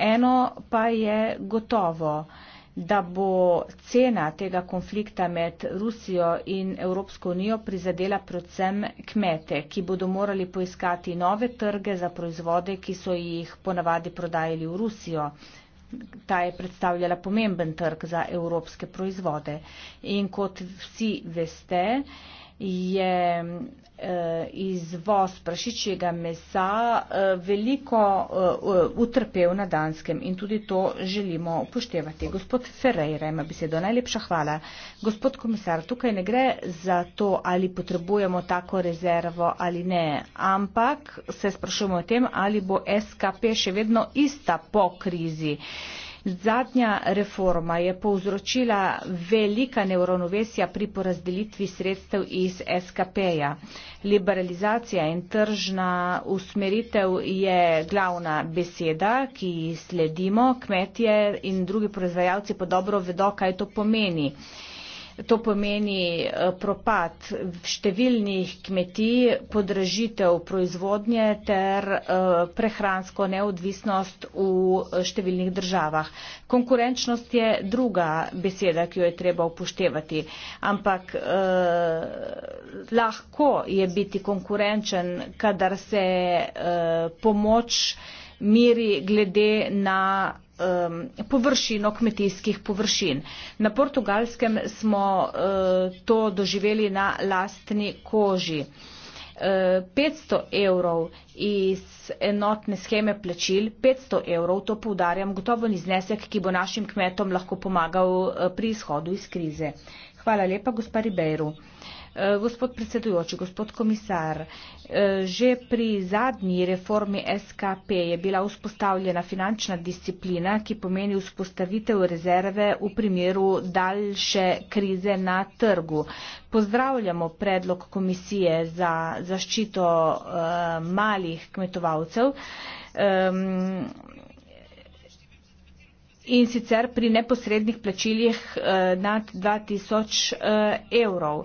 Eno pa je gotovo, da bo cena tega konflikta med Rusijo in Evropsko unijo prizadela predvsem kmete, ki bodo morali poiskati nove trge za proizvode, ki so jih ponavadi prodajali v Rusijo. Ta je predstavljala pomemben trg za evropske proizvode. In kot vsi veste, je eh, izvoz prašičjega mesa eh, veliko eh, utrpel na Danskem in tudi to želimo upoštevati. Gospod Ferreira ima besedo. Najlepša hvala. Gospod komisar, tukaj ne gre za to, ali potrebujemo tako rezervo ali ne, ampak se sprašujemo o tem, ali bo SKP še vedno ista po krizi. Zadnja reforma je povzročila velika neuronovesja pri porazdelitvi sredstev iz SKP-ja. Liberalizacija in tržna usmeritev je glavna beseda, ki sledimo. Kmetje in drugi proizvajalci pa dobro vedo, kaj to pomeni. To pomeni eh, propad številnih kmetij, podražitev proizvodnje ter eh, prehransko neodvisnost v eh, številnih državah. Konkurenčnost je druga beseda, ki jo je treba upoštevati, ampak eh, lahko je biti konkurenčen, kadar se eh, pomoč miri glede na um, površino kmetijskih površin. Na portugalskem smo uh, to doživeli na lastni koži. 500 uh, evrov iz enotne scheme plačil, 500 evrov, to poudarjam, gotovo ni znesek, ki bo našim kmetom lahko pomagal uh, pri izhodu iz krize. Hvala lepa, gospari Bejru. Eh, gospod predsedujoči, gospod komisar, eh, že pri zadnji reformi SKP je bila vzpostavljena finančna disciplina, ki pomeni vzpostavitev rezerve v primeru daljše krize na trgu. Pozdravljamo predlog komisije za zaščito eh, malih kmetovalcev. Ehm, in sicer pri neposrednih plačiljih nad 2000 evrov.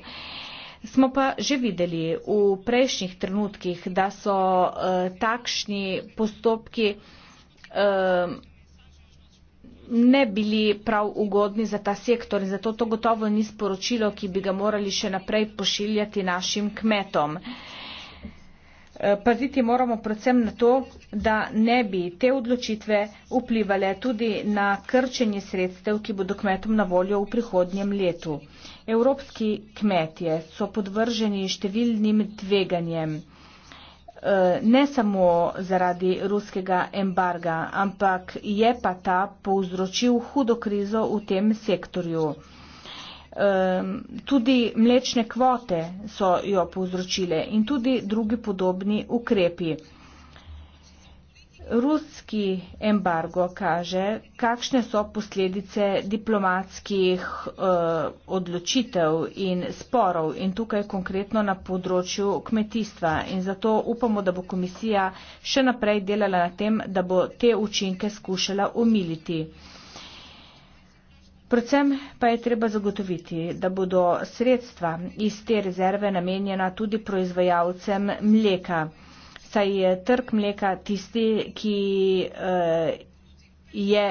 Smo pa že videli v prejšnjih trenutkih, da so uh, takšni postopki uh, ne bili prav ugodni za ta sektor in zato to gotovo ni sporočilo, ki bi ga morali še naprej pošiljati našim kmetom. Eh, paziti moramo predvsem na to, da ne bi te odločitve vplivale tudi na krčenje sredstev, ki bodo kmetom na voljo v prihodnjem letu. Uh, Evropski kmetje so podvrženi številnim tveganjem, e, ne samo zaradi ruskega embarga, ampak je pa ta povzročil hudo krizo v tem sektorju. E, tudi mlečne kvote so jo povzročile in tudi drugi podobni ukrepi. Ruski embargo kaže, kakšne so posledice diplomatskih e, odločitev in sporov in tukaj konkretno na področju kmetijstva. In zato upamo, da bo komisija še naprej delala na tem, da bo te učinke skušala omiliti. Predvsem pa je treba zagotoviti, da bodo sredstva iz te rezerve namenjena tudi proizvajalcem mleka saj je trg mleka tisti, ki eh, je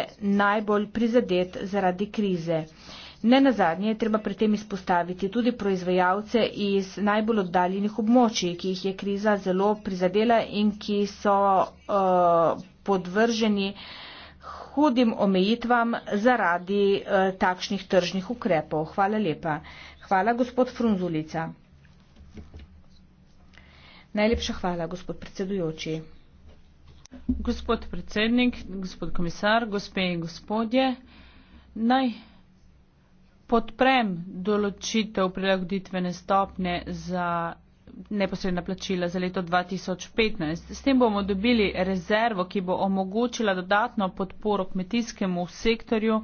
najbolj prizadet zaradi krize. Ne nazadnje je treba pri tem izpostaviti tudi proizvajalce iz najbolj oddaljenih območij, ki jih je kriza zelo prizadela in ki so uh, podvrženi hudim omejitvam zaradi uh, takšnih tržnih ukrepov. Hvala lepa. Hvala gospod Frunzulica. Najlepša hvala, gospod predsedujoči. Gospod predsednik, gospod komisar, gospe in gospodje, naj podprem določitev prilagoditvene stopne za neposredna plačila za leto 2015. S tem bomo dobili rezervo, ki bo omogočila dodatno podporo kmetijskemu sektorju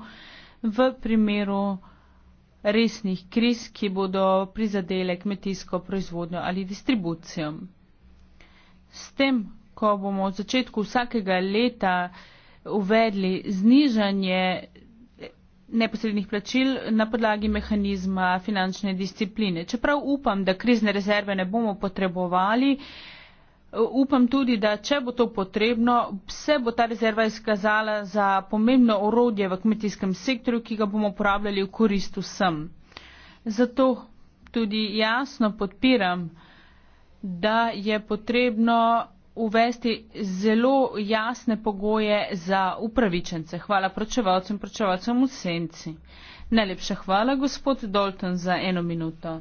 v primeru resnih kriz, ki bodo prizadele kmetijsko proizvodnjo ali distribucijo. S tem, ko bomo v začetku vsakega leta uvedli znižanje neposrednih plačil na podlagi mehanizma finančne discipline. Čeprav upam, da krizne rezerve ne bomo potrebovali, upam tudi, da če bo to potrebno, se bo ta rezerva izkazala za pomembno orodje v kmetijskem sektorju, ki ga bomo uporabljali v koristu vsem. Zato tudi jasno podpiram da je potrebno uvesti zelo jasne pogoje za upravičence. Hvala pročevalcem in pročevalcem v senci. Najlepša hvala, gospod Dalton, za eno minuto.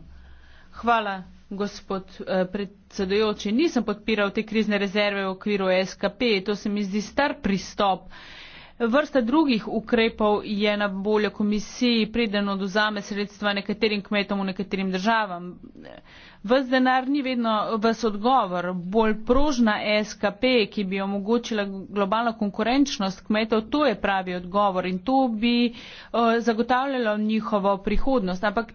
Hvala, gospod eh, predsedojoči. Nisem podpiral te krizne rezerve v okviru SKP, to se mi zdi star pristop. Vrsta drugih ukrepov je na voljo komisiji, preden oduzame sredstva nekaterim kmetom v nekaterim državam. Ves denar ni vedno ves odgovor. Bolj prožna ESKP, ki bi omogočila globalno konkurenčnost kmetov, to je pravi odgovor in to bi eh, zagotavljalo njihovo prihodnost. Ampak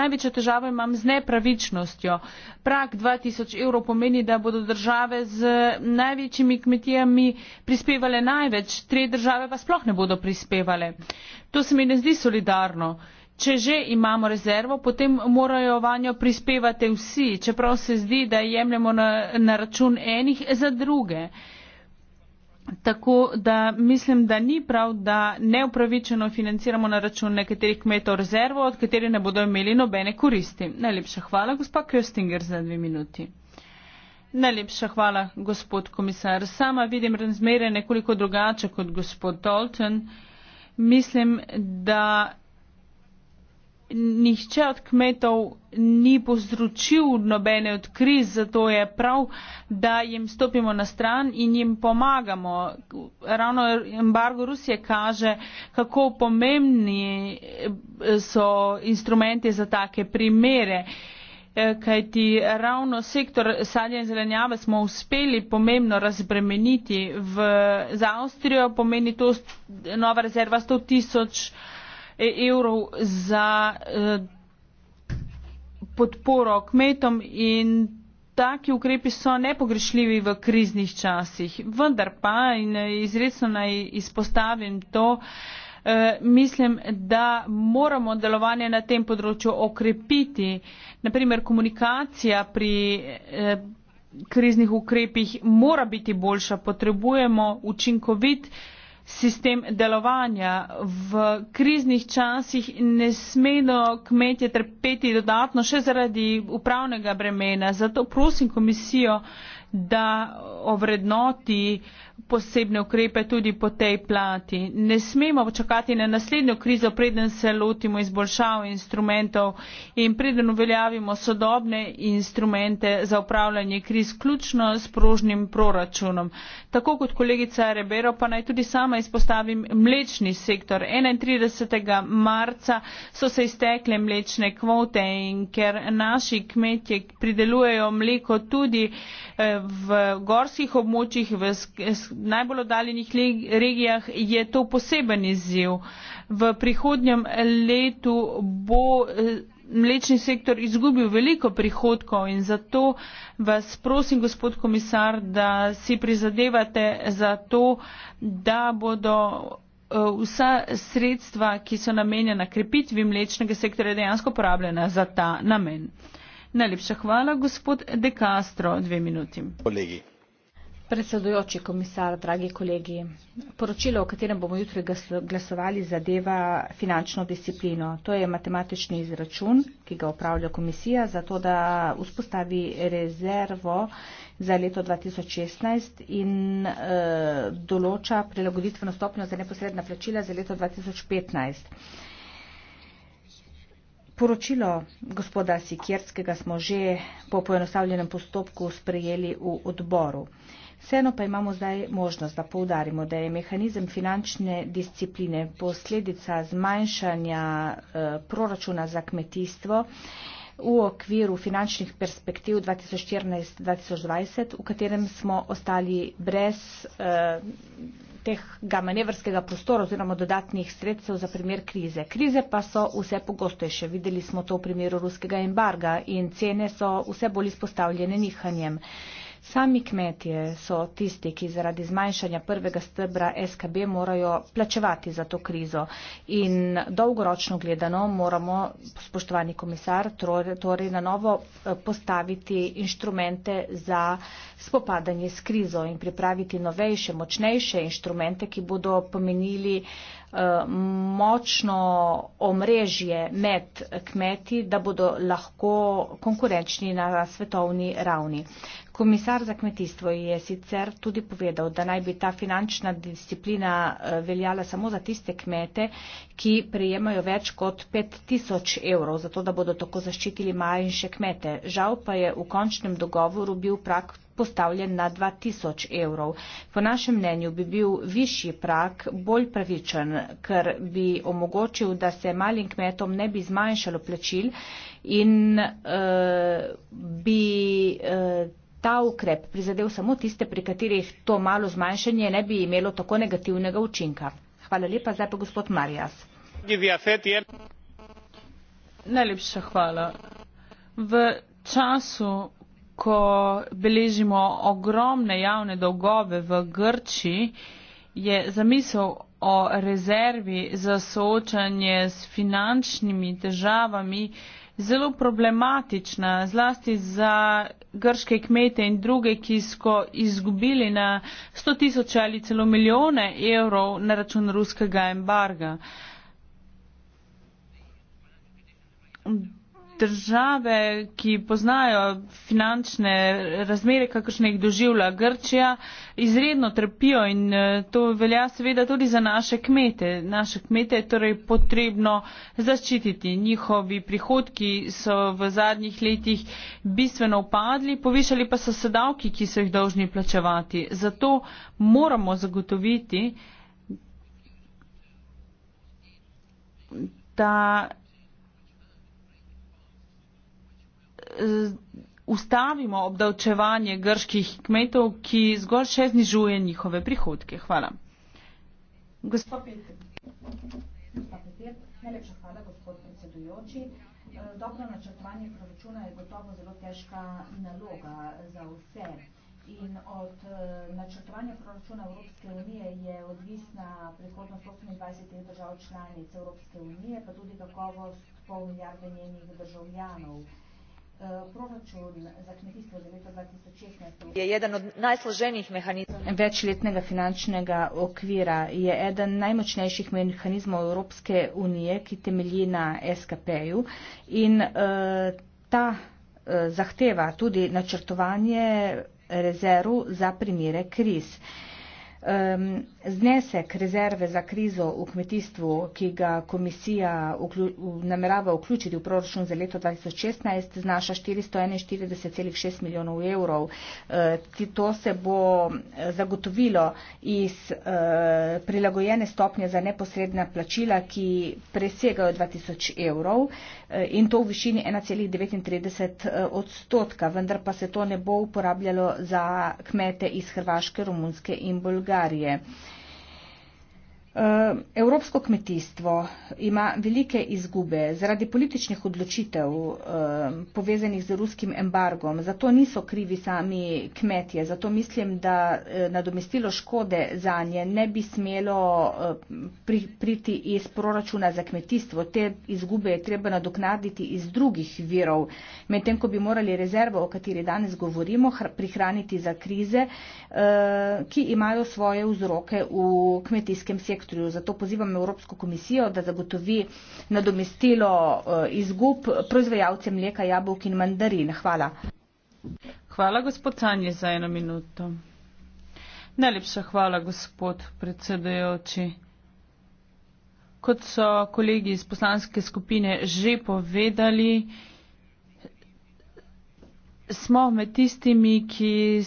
največjo težavo imam z nepravičnostjo. Prak 2000 evrov pomeni, da bodo države z največjimi kmetijami prispevale največ, tri države pa sploh ne bodo prispevale. To se mi ne zdi solidarno če že imamo rezervo potem morajo vanjo prispevati vsi čeprav se zdi da jemljemo na, na račun enih za druge tako da mislim da ni prav da neupravičeno financiramo na račun nekaterih kmetov rezervo od katerih ne bodo imeli nobene koristi najlepša hvala gospa Köstinger za dve minuti Najlepša hvala, gospod komisar. Sama vidim razmere nekoliko drugače kot gospod Dalton. Mislim, da nihče od kmetov ni povzročil nobene od kriz, zato je prav, da jim stopimo na stran in jim pomagamo. Ravno embargo Rusije kaže, kako pomembni eh, so instrumenti za take primere. Eh, kajti ravno sektor sadja in zelenjave smo uspeli pomembno razbremeniti v, za Avstrijo, pomeni to nova rezerva 100 tisoč evrov za eh, podporo kmetom in taki ukrepi so nepogrešljivi v kriznih časih. Vendar pa in eh, izredno naj izpostavim to, eh, mislim, da moramo delovanje na tem področju okrepiti. Naprimer, komunikacija pri kriznih ukrepih mora biti boljša, potrebujemo učinkovit sistem delovanja. V kriznih časih ne smejo kmetje trpeti dodatno še zaradi upravnega bremena. Zato prosim komisijo, da ovrednoti uh, posebne ukrepe tudi po tej plati. Ne smemo čakati na naslednjo krizo, preden se lotimo izboljšav instrumentov in preden uveljavimo sodobne instrumente za upravljanje kriz, ključno s prožnim proračunom. Tako kot kolegica Rebero, pa naj tudi sama izpostavim mlečni sektor. 31. marca so se iztekle mlečne kvote in ker naši kmetje pridelujejo mleko tudi eh, v gorskih območjih, v sk najbolj oddaljenih regijah, je to poseben izziv. V prihodnjem letu bo eh, mlečni sektor izgubil veliko prihodkov in zato vas prosim, gospod komisar, da si prizadevate za to, da bodo eh, vsa sredstva, ki so namenjena krepitvi mlečnega sektora, dejansko porabljena za ta namen. Najlepša hvala, gospod De Castro, dve minuti. Kolegi. Predsedujoči komisar, dragi kolegi, poročilo, o katerem bomo jutri glasovali, zadeva finančno disciplino. To je matematični izračun, ki ga upravlja komisija, zato da vzpostavi rezervo za leto 2016 in e, določa prilagoditveno stopnjo za neposredna plačila za leto 2015. Poročilo gospoda Sikerskega smo že po poenostavljenem postopku sprejeli v odboru. Vseeno pa imamo zdaj možnost, da povdarimo, da je mehanizem finančne discipline posledica zmanjšanja eh, proračuna za kmetijstvo v okviru finančnih perspektiv 2014-2020, v katerem smo ostali brez eh, tega manevrskega prostora oziroma dodatnih sredstev za primer krize. Krize pa so vse pogostejše. Videli smo to v primeru ruskega embarga in cene so vse bolj izpostavljene nihanjem. Sami kmetje so tisti, ki zaradi zmanjšanja prvega stebra SKB morajo plačevati za to krizo in dolgoročno gledano moramo, spoštovani komisar, torej na novo eh, postaviti inštrumente za spopadanje s krizo in pripraviti novejše, močnejše inštrumente, ki bodo pomenili eh, močno omrežje med kmeti, da bodo lahko konkurenčni na svetovni ravni. Komisar za kmetijstvo je sicer tudi povedal, da naj bi ta finančna disciplina eh, veljala samo za tiste kmete, ki prejemajo več kot 5000 evrov, zato da bodo tako zaščitili manjše kmete. Žal pa je v končnem dogovoru bil prak postavljen na 2000 evrov. Po našem mnenju bi bil višji prak bolj pravičen, ker bi omogočil, da se malim kmetom ne bi zmanjšalo plačil in uh, bi. Uh, ta ukrep prizadel samo tiste, pri katerih to malo zmanjšanje ne bi imelo tako negativnega učinka. Hvala lepa, zdaj pa gospod Marjas. Najlepša hvala. V času, ko beležimo ogromne javne dolgove v Grčiji, je zamisel o rezervi za soočanje s finančnimi težavami zelo problematična, zlasti za grške kmete in druge, ki so izgubili na 100 tisoč ali celo milijone evrov na račun ruskega embarga države, ki poznajo finančne razmere, kakršne jih doživlja Grčija, izredno trpijo in eh, to velja seveda tudi za naše kmete. Naše kmete je torej potrebno zaščititi. Njihovi prihodki so v zadnjih letih bistveno upadli, povišali pa so sedavki, ki so jih dolžni plačevati. Zato moramo zagotoviti, da Eh, ustavimo obdavčevanje grških kmetov, ki zgolj še znižuje njihove prihodke. Hvala. Gospod Peter, najlepša hvala, gospod predsedujoči. Eh, dobro načrtovanje proračuna je gotovo zelo težka naloga za vse. In od eh, načrtovanja proračuna Evropske unije je odvisna prihodnost 28 držav članic Evropske unije, pa tudi kakovost pol milijarde njenih državljanov. Eh, je eden od najsloženijih mehanizmov. Večletnega finančnega okvira je eden najmočnejših mehanizmov Evropske unije, ki temelji na SKP-ju in uh, ta uh, zahteva tudi načrtovanje rezerv za primere kriz. Uh, Um, znesek rezerve za krizo v kmetijstvu, ki ga komisija vklju, namerava vključiti v proračun za leto 2016, znaša 441,6 milijonov evrov. Uh, to se bo e, zagotovilo iz uh, prilagojene stopnje za neposredna plačila, ki presegajo 2000 evrov. Uh, in to v višini 1,39 eh, odstotka, vendar pa se to ne bo uporabljalo za kmete iz Hrvaške, Romunske in Bolgarije. Ehm, evropsko kmetijstvo ima velike izgube zaradi političnih odločitev ehm, povezanih z ruskim embargom. Zato niso krivi sami kmetje. Zato mislim, da eh, nadomestilo škode za nje ne bi smelo eh, priti iz proračuna za kmetijstvo. Te izgube je treba nadoknaditi iz drugih virov. Medtem, ko bi morali rezervo, o kateri danes govorimo, prihraniti za krize, eh, ki imajo svoje vzroke v kmetijskem sektorju sektorju. Zato pozivam Evropsko komisijo, da zagotovi nadomestilo eh, izgub proizvajalcem mleka, jabolk in mandarin. Hvala. Hvala, gospod Canje, za eno minuto. Najlepša hvala, gospod predsedajoči. Kot so kolegi iz poslanske skupine že povedali, smo med tistimi, ki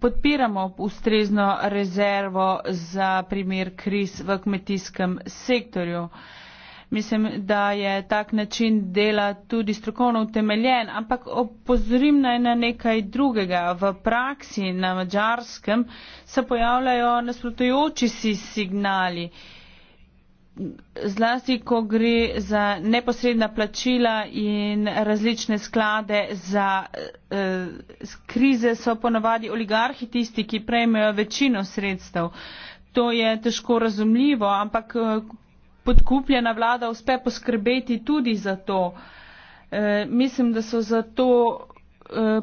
podpiramo ustrezno rezervo za primer kriz v kmetijskem sektorju. Mislim, da je tak način dela tudi strokovno utemeljen, ampak opozorim naj na nekaj drugega. V praksi na mačarskem se pojavljajo nasprotujoči si signali zlasti, ko gre za neposredna plačila in različne sklade za eh, krize, so ponovadi oligarhi tisti, ki prejmejo večino sredstev. To je težko razumljivo, ampak eh, podkupljena vlada uspe poskrbeti tudi za to. Eh, mislim, da so za to. Eh,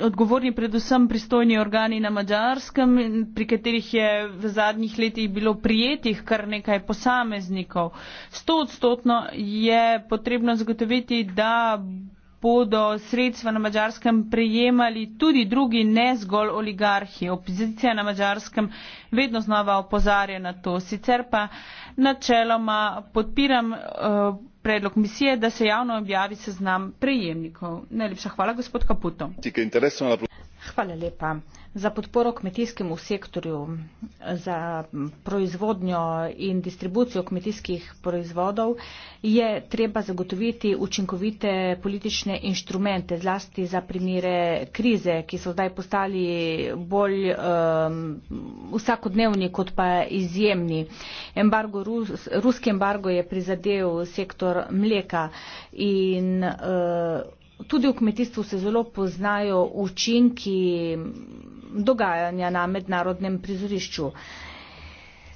odgovorni predvsem pristojni organi na Mačarskem, pri katerih je v zadnjih letih bilo prijetih kar nekaj posameznikov. Sto odstotno je potrebno zagotoviti, da bodo sredstva na mačarskem prejemali tudi drugi, ne zgolj oligarhi. Opozicija na mačarskem vedno znova opozarja na to. Sicer pa načeloma podpiram eh, predlog misije, da se javno objavi seznam prejemnikov. Najlepša hvala, gospod Kaputo. Hvala lepa. Za podporo kmetijskemu sektorju, za proizvodnjo in distribucijo kmetijskih proizvodov je treba zagotoviti učinkovite politične inštrumente, zlasti za primere krize, ki so zdaj postali bolj um, vsakodnevni kot pa izjemni. Embargo, rus, ruski embargo je prizadel sektor mleka in uh, Tudi v kmetijstvu se zelo poznajo učinki dogajanja na mednarodnem prizorišču.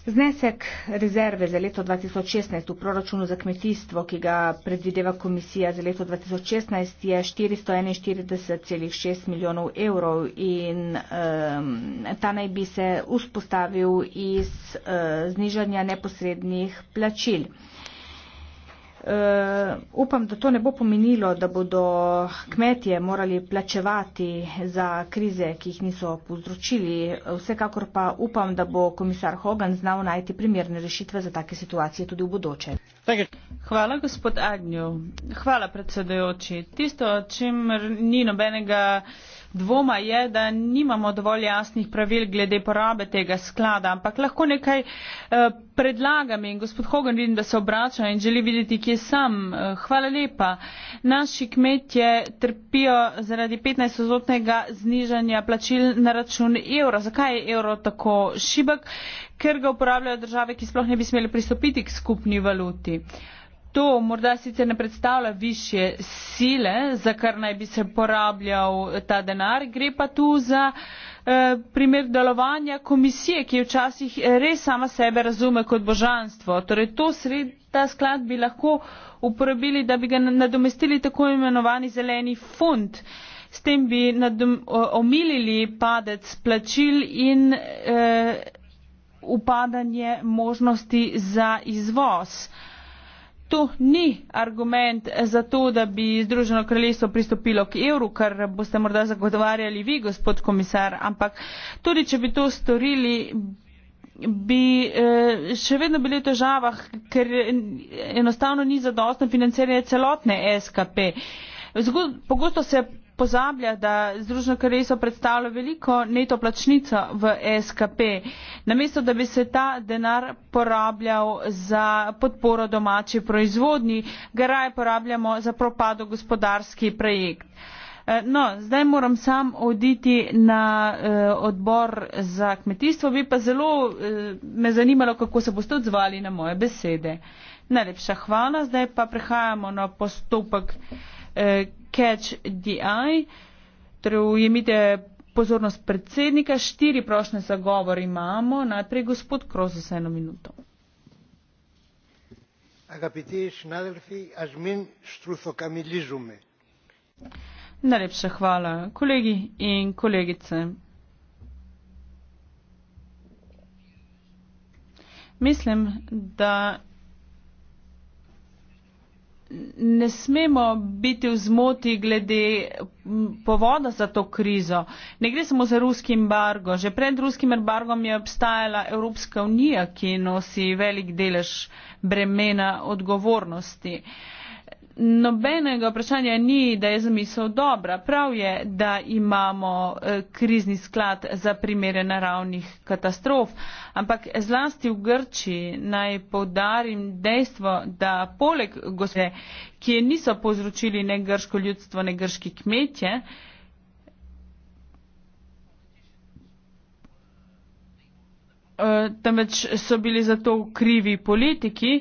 Znesek rezerve za leto 2016 v proračunu za kmetijstvo, ki ga predvideva komisija za leto 2016, je 441,6 milijonov evrov in um, ta naj bi se vzpostavil iz uh, znižanja neposrednih plačil. Eh, upam, da to ne bo pomenilo, da bodo kmetje morali plačevati za krize, ki jih niso povzročili. Vsekakor pa upam, da bo komisar Hogan znal najti primerne rešitve za take situacije tudi v bodoče. Hvala, gospod Agnjo. Hvala, predsedujoči. Tisto, čimer ni nobenega dvoma je, da nimamo dovolj jasnih pravil glede porabe tega sklada, ampak lahko nekaj eh, predlagam in gospod Hogan vidim, da se obrača in želi videti, kje sam. Eh, hvala lepa. Naši kmetje trpijo zaradi 15-ozotnega znižanja plačil na račun evra. Zakaj je evro tako šibek? Ker ga uporabljajo države, ki sploh ne bi smeli pristopiti k skupni valuti to morda sicer ne predstavlja višje sile, za kar naj bi se porabljal ta denar, gre pa tu za eh, primer delovanja komisije, ki včasih res sama sebe razume kot božanstvo. Torej, to sred, ta sklad bi lahko uporabili, da bi ga nadomestili tako imenovani zeleni fond. S tem bi nadom, omilili padec plačil in eh, upadanje možnosti za izvoz. Eh, to ni argument za to da bi združeno kraljestvo pristopilo k evru kar boste morda zagovarjali vi gospod komisar ampak tudi če bi to storili bi eh, še vedno bili v težavah ker enostavno ni zadostno financiranje celotne skp. Zgod, pogosto se pozablja da združeno kraljestvo predstavlja veliko neto plačnico v skp namesto da bi se ta denar porabljal za podporo domači proizvodnji ga raje porabljamo za propado gospodarski projekt. E, no, zdaj moram sam oditi na eh, odbor za kmetijstvo, bi pa zelo eh, me zanimalo, kako se boste odzvali na moje besede. Najlepša hvala, zdaj pa prehajamo na postopek. Eh, Catch the Eye. Torej, ujemite pozornost predsednika, štiri prošle za govor imamo. Najprej gospod Kroz za eno minuto. Najlepša hvala, kolegi in kolegice. Mislim, da ne smemo biti v zmoti glede povoda za to krizo. Ne gre samo za ruski embargo. Že pred ruskim embargom je obstajala Evropska unija, ki nosi velik delež bremena odgovornosti. Uh, nobenega vprašanja ni, da je zamisel dobra. Prav je, da imamo eh, krizni sklad za primere naravnih katastrof, ampak zlasti v Grčiji naj povdarim dejstvo, da poleg gospodine, ki je niso povzročili ne grško ljudstvo, ne grški kmetje, eh, temveč so bili za to krivi politiki,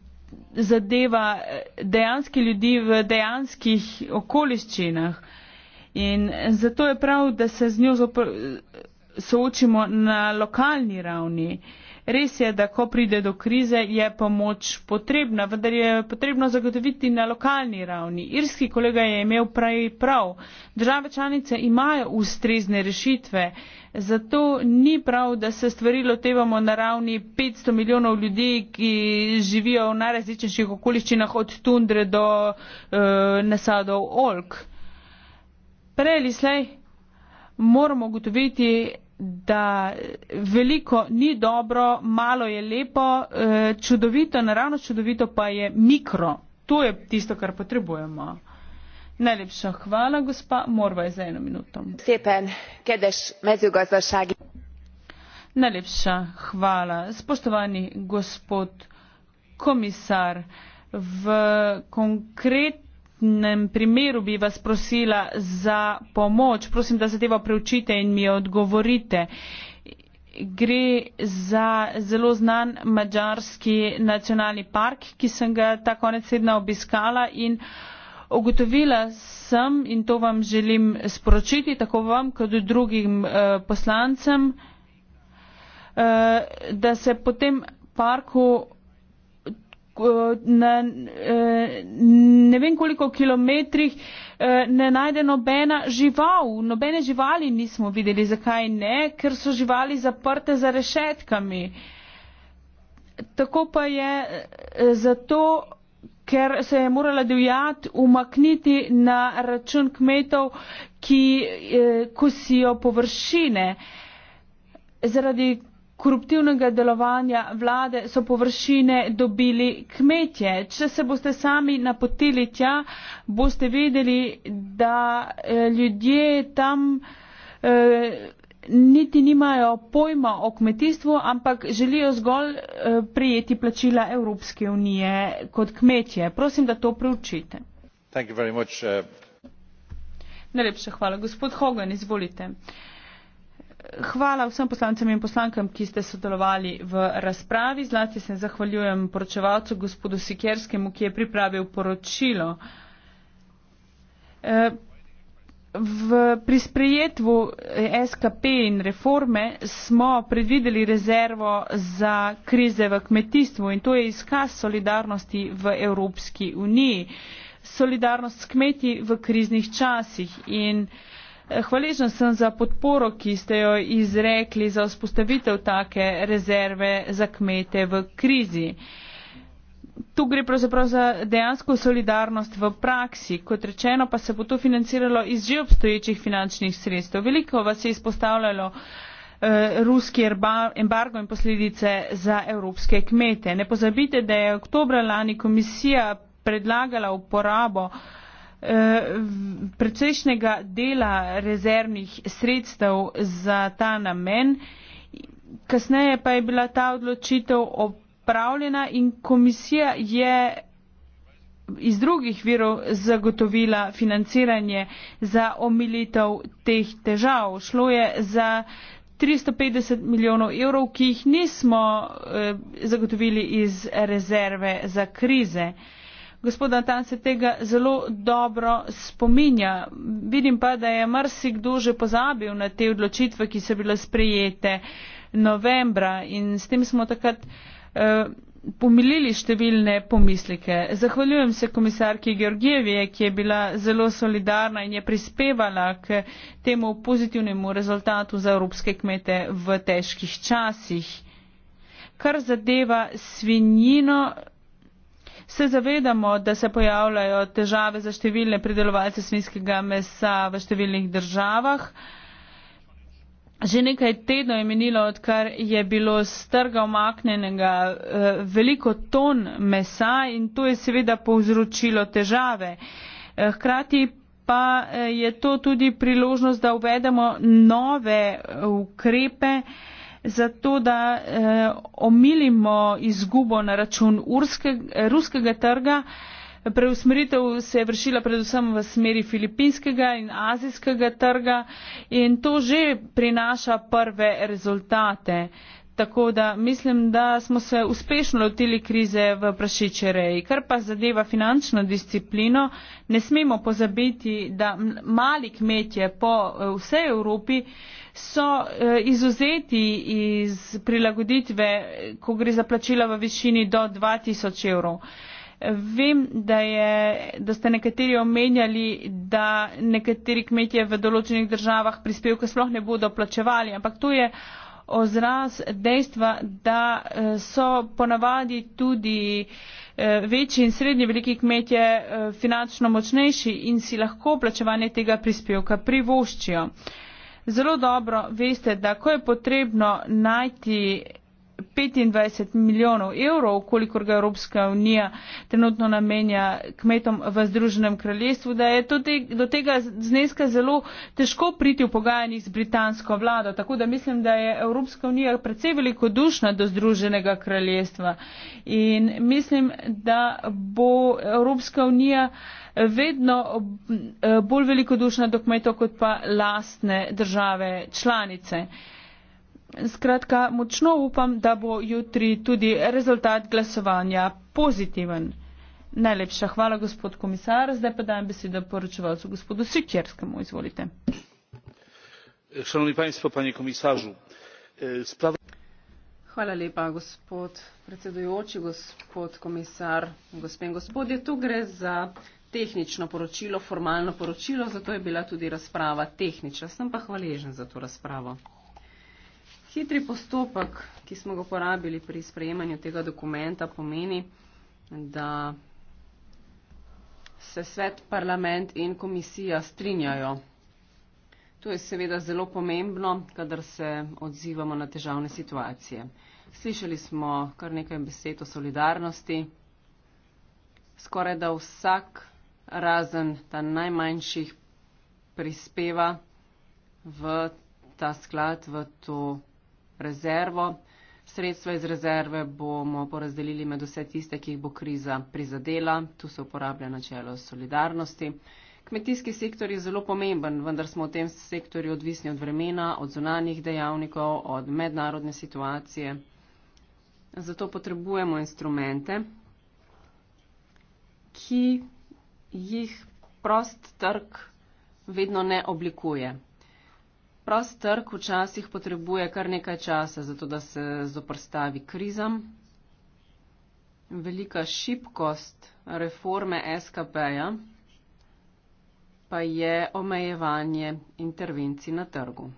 zadeva eh, dejanski ljudi v dejanskih okoliščinah. In eh, zato je prav, da se z njo eh, soočimo na lokalni ravni. Uh, Res je, da ko pride do krize, je pomoč potrebna, vendar je potrebno zagotoviti na lokalni ravni. Irski kolega je imel prav in prav. Države članice imajo ustrezne rešitve, zato ni prav, da se stvari lotevamo na ravni 500 milijonov ljudi, ki živijo v najrazličnejših okoliščinah od tundre do eh, nasadov olk. Prej ali slej moramo gotoviti, da veliko ni dobro, malo je lepo, eh, čudovito, naravno čudovito pa je mikro. To je tisto, kar potrebujemo. Najlepša hvala, gospa Morva, za eno minuto. Sepen, kedeš mezugazdašagi. Najlepša hvala. Spoštovani gospod komisar, v konkretnosti konkretnem primeru bi vas prosila za pomoč. Prosim, da zadevo preučite in mi odgovorite. Gre za zelo znan mačarski nacionalni park, ki sem ga ta konec tedna obiskala in ugotovila sem in to vam želim sporočiti, tako vam kot drugim eh, poslancem, eh, da se po tem parku na eh, ne vem koliko kilometrih eh, ne najde nobena žival, nobene živali nismo videli. Zakaj ne? Ker so živali zaprte za rešetkami. Tako pa je eh, zato, ker se je morala divjat umakniti na račun kmetov, ki kosijo površine. Zaradi koruptivnega delovanja vlade so površine dobili kmetje. Če se boste sami napotili tja, boste vedeli, da eh, ljudje tam eh, niti nimajo pojma o kmetijstvu, ampak želijo zgolj eh, prijeti plačila Evropske unije kot kmetje. Prosim, da to preučite. Najlepša hvala. Gospod Hogan, izvolite. Uh, hvala vsem poslancem in poslankam ki ste sodelovali v razpravi zlasti se zahvaljujem poročevalcu gospodu sikerskemu ki je pripravil poročilo eh, v, pri sprejetvu eh, SKP in reforme smo predvideli rezervo za krize v kmetijstvu in to je izkaz solidarnosti v Evropski uniji. Solidarnost s kmeti v kriznih časih in eh, Hvaležen sem za podporo, ki ste jo izrekli za vzpostavitev take rezerve za kmete v krizi. Tu gre pravzaprav za dejansko solidarnost v praksi, kot rečeno pa se bo to financiralo iz že obstoječih finančnih sredstev. Veliko vas je izpostavljalo eh, ruski embargo in posledice za evropske kmete. Ne pozabite, da je oktober lani komisija predlagala uporabo Eh, precejšnjega dela rezervnih sredstev za ta namen. Kasneje pa je bila ta odločitev opravljena in komisija je iz drugih virov zagotovila financiranje za omilitev teh težav. Šlo je za 350 milijonov evrov, ki jih nismo eh, zagotovili iz rezerve za krize. Eh, gospoda Tan se tega zelo dobro spominja. Vidim pa, da je marsikdo že pozabil na te odločitve, ki so bile sprejete novembra in s tem smo takrat eh, pomilili številne pomislike. Zahvaljujem se komisarki Georgijevije, ki je bila zelo solidarna in je prispevala k temu pozitivnemu rezultatu za evropske kmete v težkih časih. Kar zadeva svinjino, Se zavedamo, da se pojavljajo težave za številne pridelovalce svinskega mesa v številnih državah. Že nekaj tedno je minilo, odkar je bilo z trga omaknenega eh, veliko ton mesa in to je seveda povzročilo težave. Eh, hkrati pa eh, je to tudi priložnost, da uvedemo nove ukrepe, zato da eh, omilimo izgubo na račun urske, eh, ruskega trga. Preusmeritev se je vršila predvsem v smeri filipinskega in azijskega trga in to že prinaša prve rezultate. Eh, tako da mislim, da smo se uspešno lotili krize v prašičereji. Kar pa zadeva finančno disciplino, ne smemo pozabiti, da mali kmetje po eh, vsej Evropi so eh, izuzeti iz prilagoditve, ko gre za plačila v višini do 2000 evrov. Vem, da, je, da ste nekateri omenjali, da nekateri kmetje v določenih državah prispevke sploh ne bodo plačevali, ampak to je ozraz dejstva, da eh, so ponavadi tudi eh, večji in srednji veliki kmetje eh, finančno močnejši in si lahko plačevanje tega prispevka privoščijo. Zelo dobro veste, da ko je potrebno najti petindvajset milijonov evrov kolikor ga evropska unija trenutno namenja kmetom v združenem kraljestvu da je tudi do tega zneska zelo težko priti v pogajanjih z britansko vlado tako da mislim da je evropska unija precej velikodušna do združenega kraljestva in mislim da bo evropska unija vedno eh, bolj velikodušna do kmetov kot pa lastne države članice. Skratka, močno upam, da bo jutri tudi rezultat glasovanja pozitiven. Najlepša hvala, gospod komisar. Zdaj pa dajem besedo poročevalcu gospodu Sikerskemu. Izvolite. Šanovni panjstvo, panje komisaržu. E, Sprav... Hvala lepa, gospod predsedujoči, gospod komisar, gospe in gospodje. Tu gre za tehnično poročilo, formalno poročilo, zato je bila tudi razprava tehnična. Sem pa hvaležen za to razpravo. Hitri postopek, ki smo ga uporabili pri sprejemanju tega dokumenta, pomeni, da se svet, parlament in komisija strinjajo. To je seveda zelo pomembno, kadar se odzivamo na težavne situacije. Slišali smo kar nekaj besed o solidarnosti. Skoraj da vsak razen ta najmanjših prispeva v ta sklad, v to rezervo. Sredstva iz rezerve bomo porazdelili med vse tiste, ki jih bo kriza prizadela. Tu se uporablja načelo solidarnosti. Kmetijski sektor je zelo pomemben, vendar smo v tem sektorju odvisni od vremena, od zunanjih dejavnikov, od mednarodne situacije. Zato potrebujemo instrumente, ki jih prost trg vedno ne oblikuje. Prost trg včasih potrebuje kar nekaj časa, zato da se zoprstavi krizam. Velika šibkost reforme SKP-ja pa je omejevanje intervencij na trgu.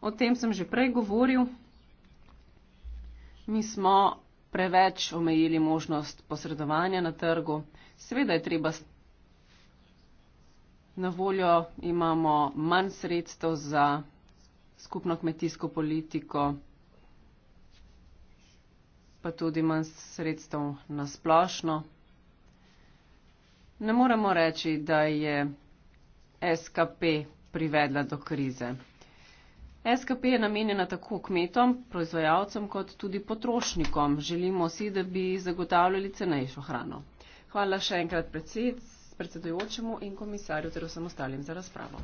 O tem sem že prej govoril. Mi smo preveč omejili možnost posredovanja na trgu. Seveda je treba Na voljo imamo manj sredstev za skupno kmetijsko politiko, pa tudi manj sredstev na splošno. Ne moremo reči, da je SKP privedla do krize. SKP je namenjena tako kmetom, proizvajalcem kot tudi potrošnikom. Želimo si, da bi zagotavljali cenejšo hrano. Hvala še enkrat predsednici predsedujočemu in komisarju ter vsem ostalim za razpravo.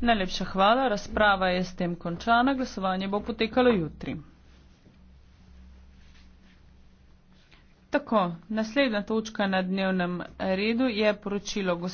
Najlepša hvala. Razprava je s tem končana. Glasovanje bo potekalo jutri. Tako, naslednja točka na dnevnem redu je poročilo gospodina.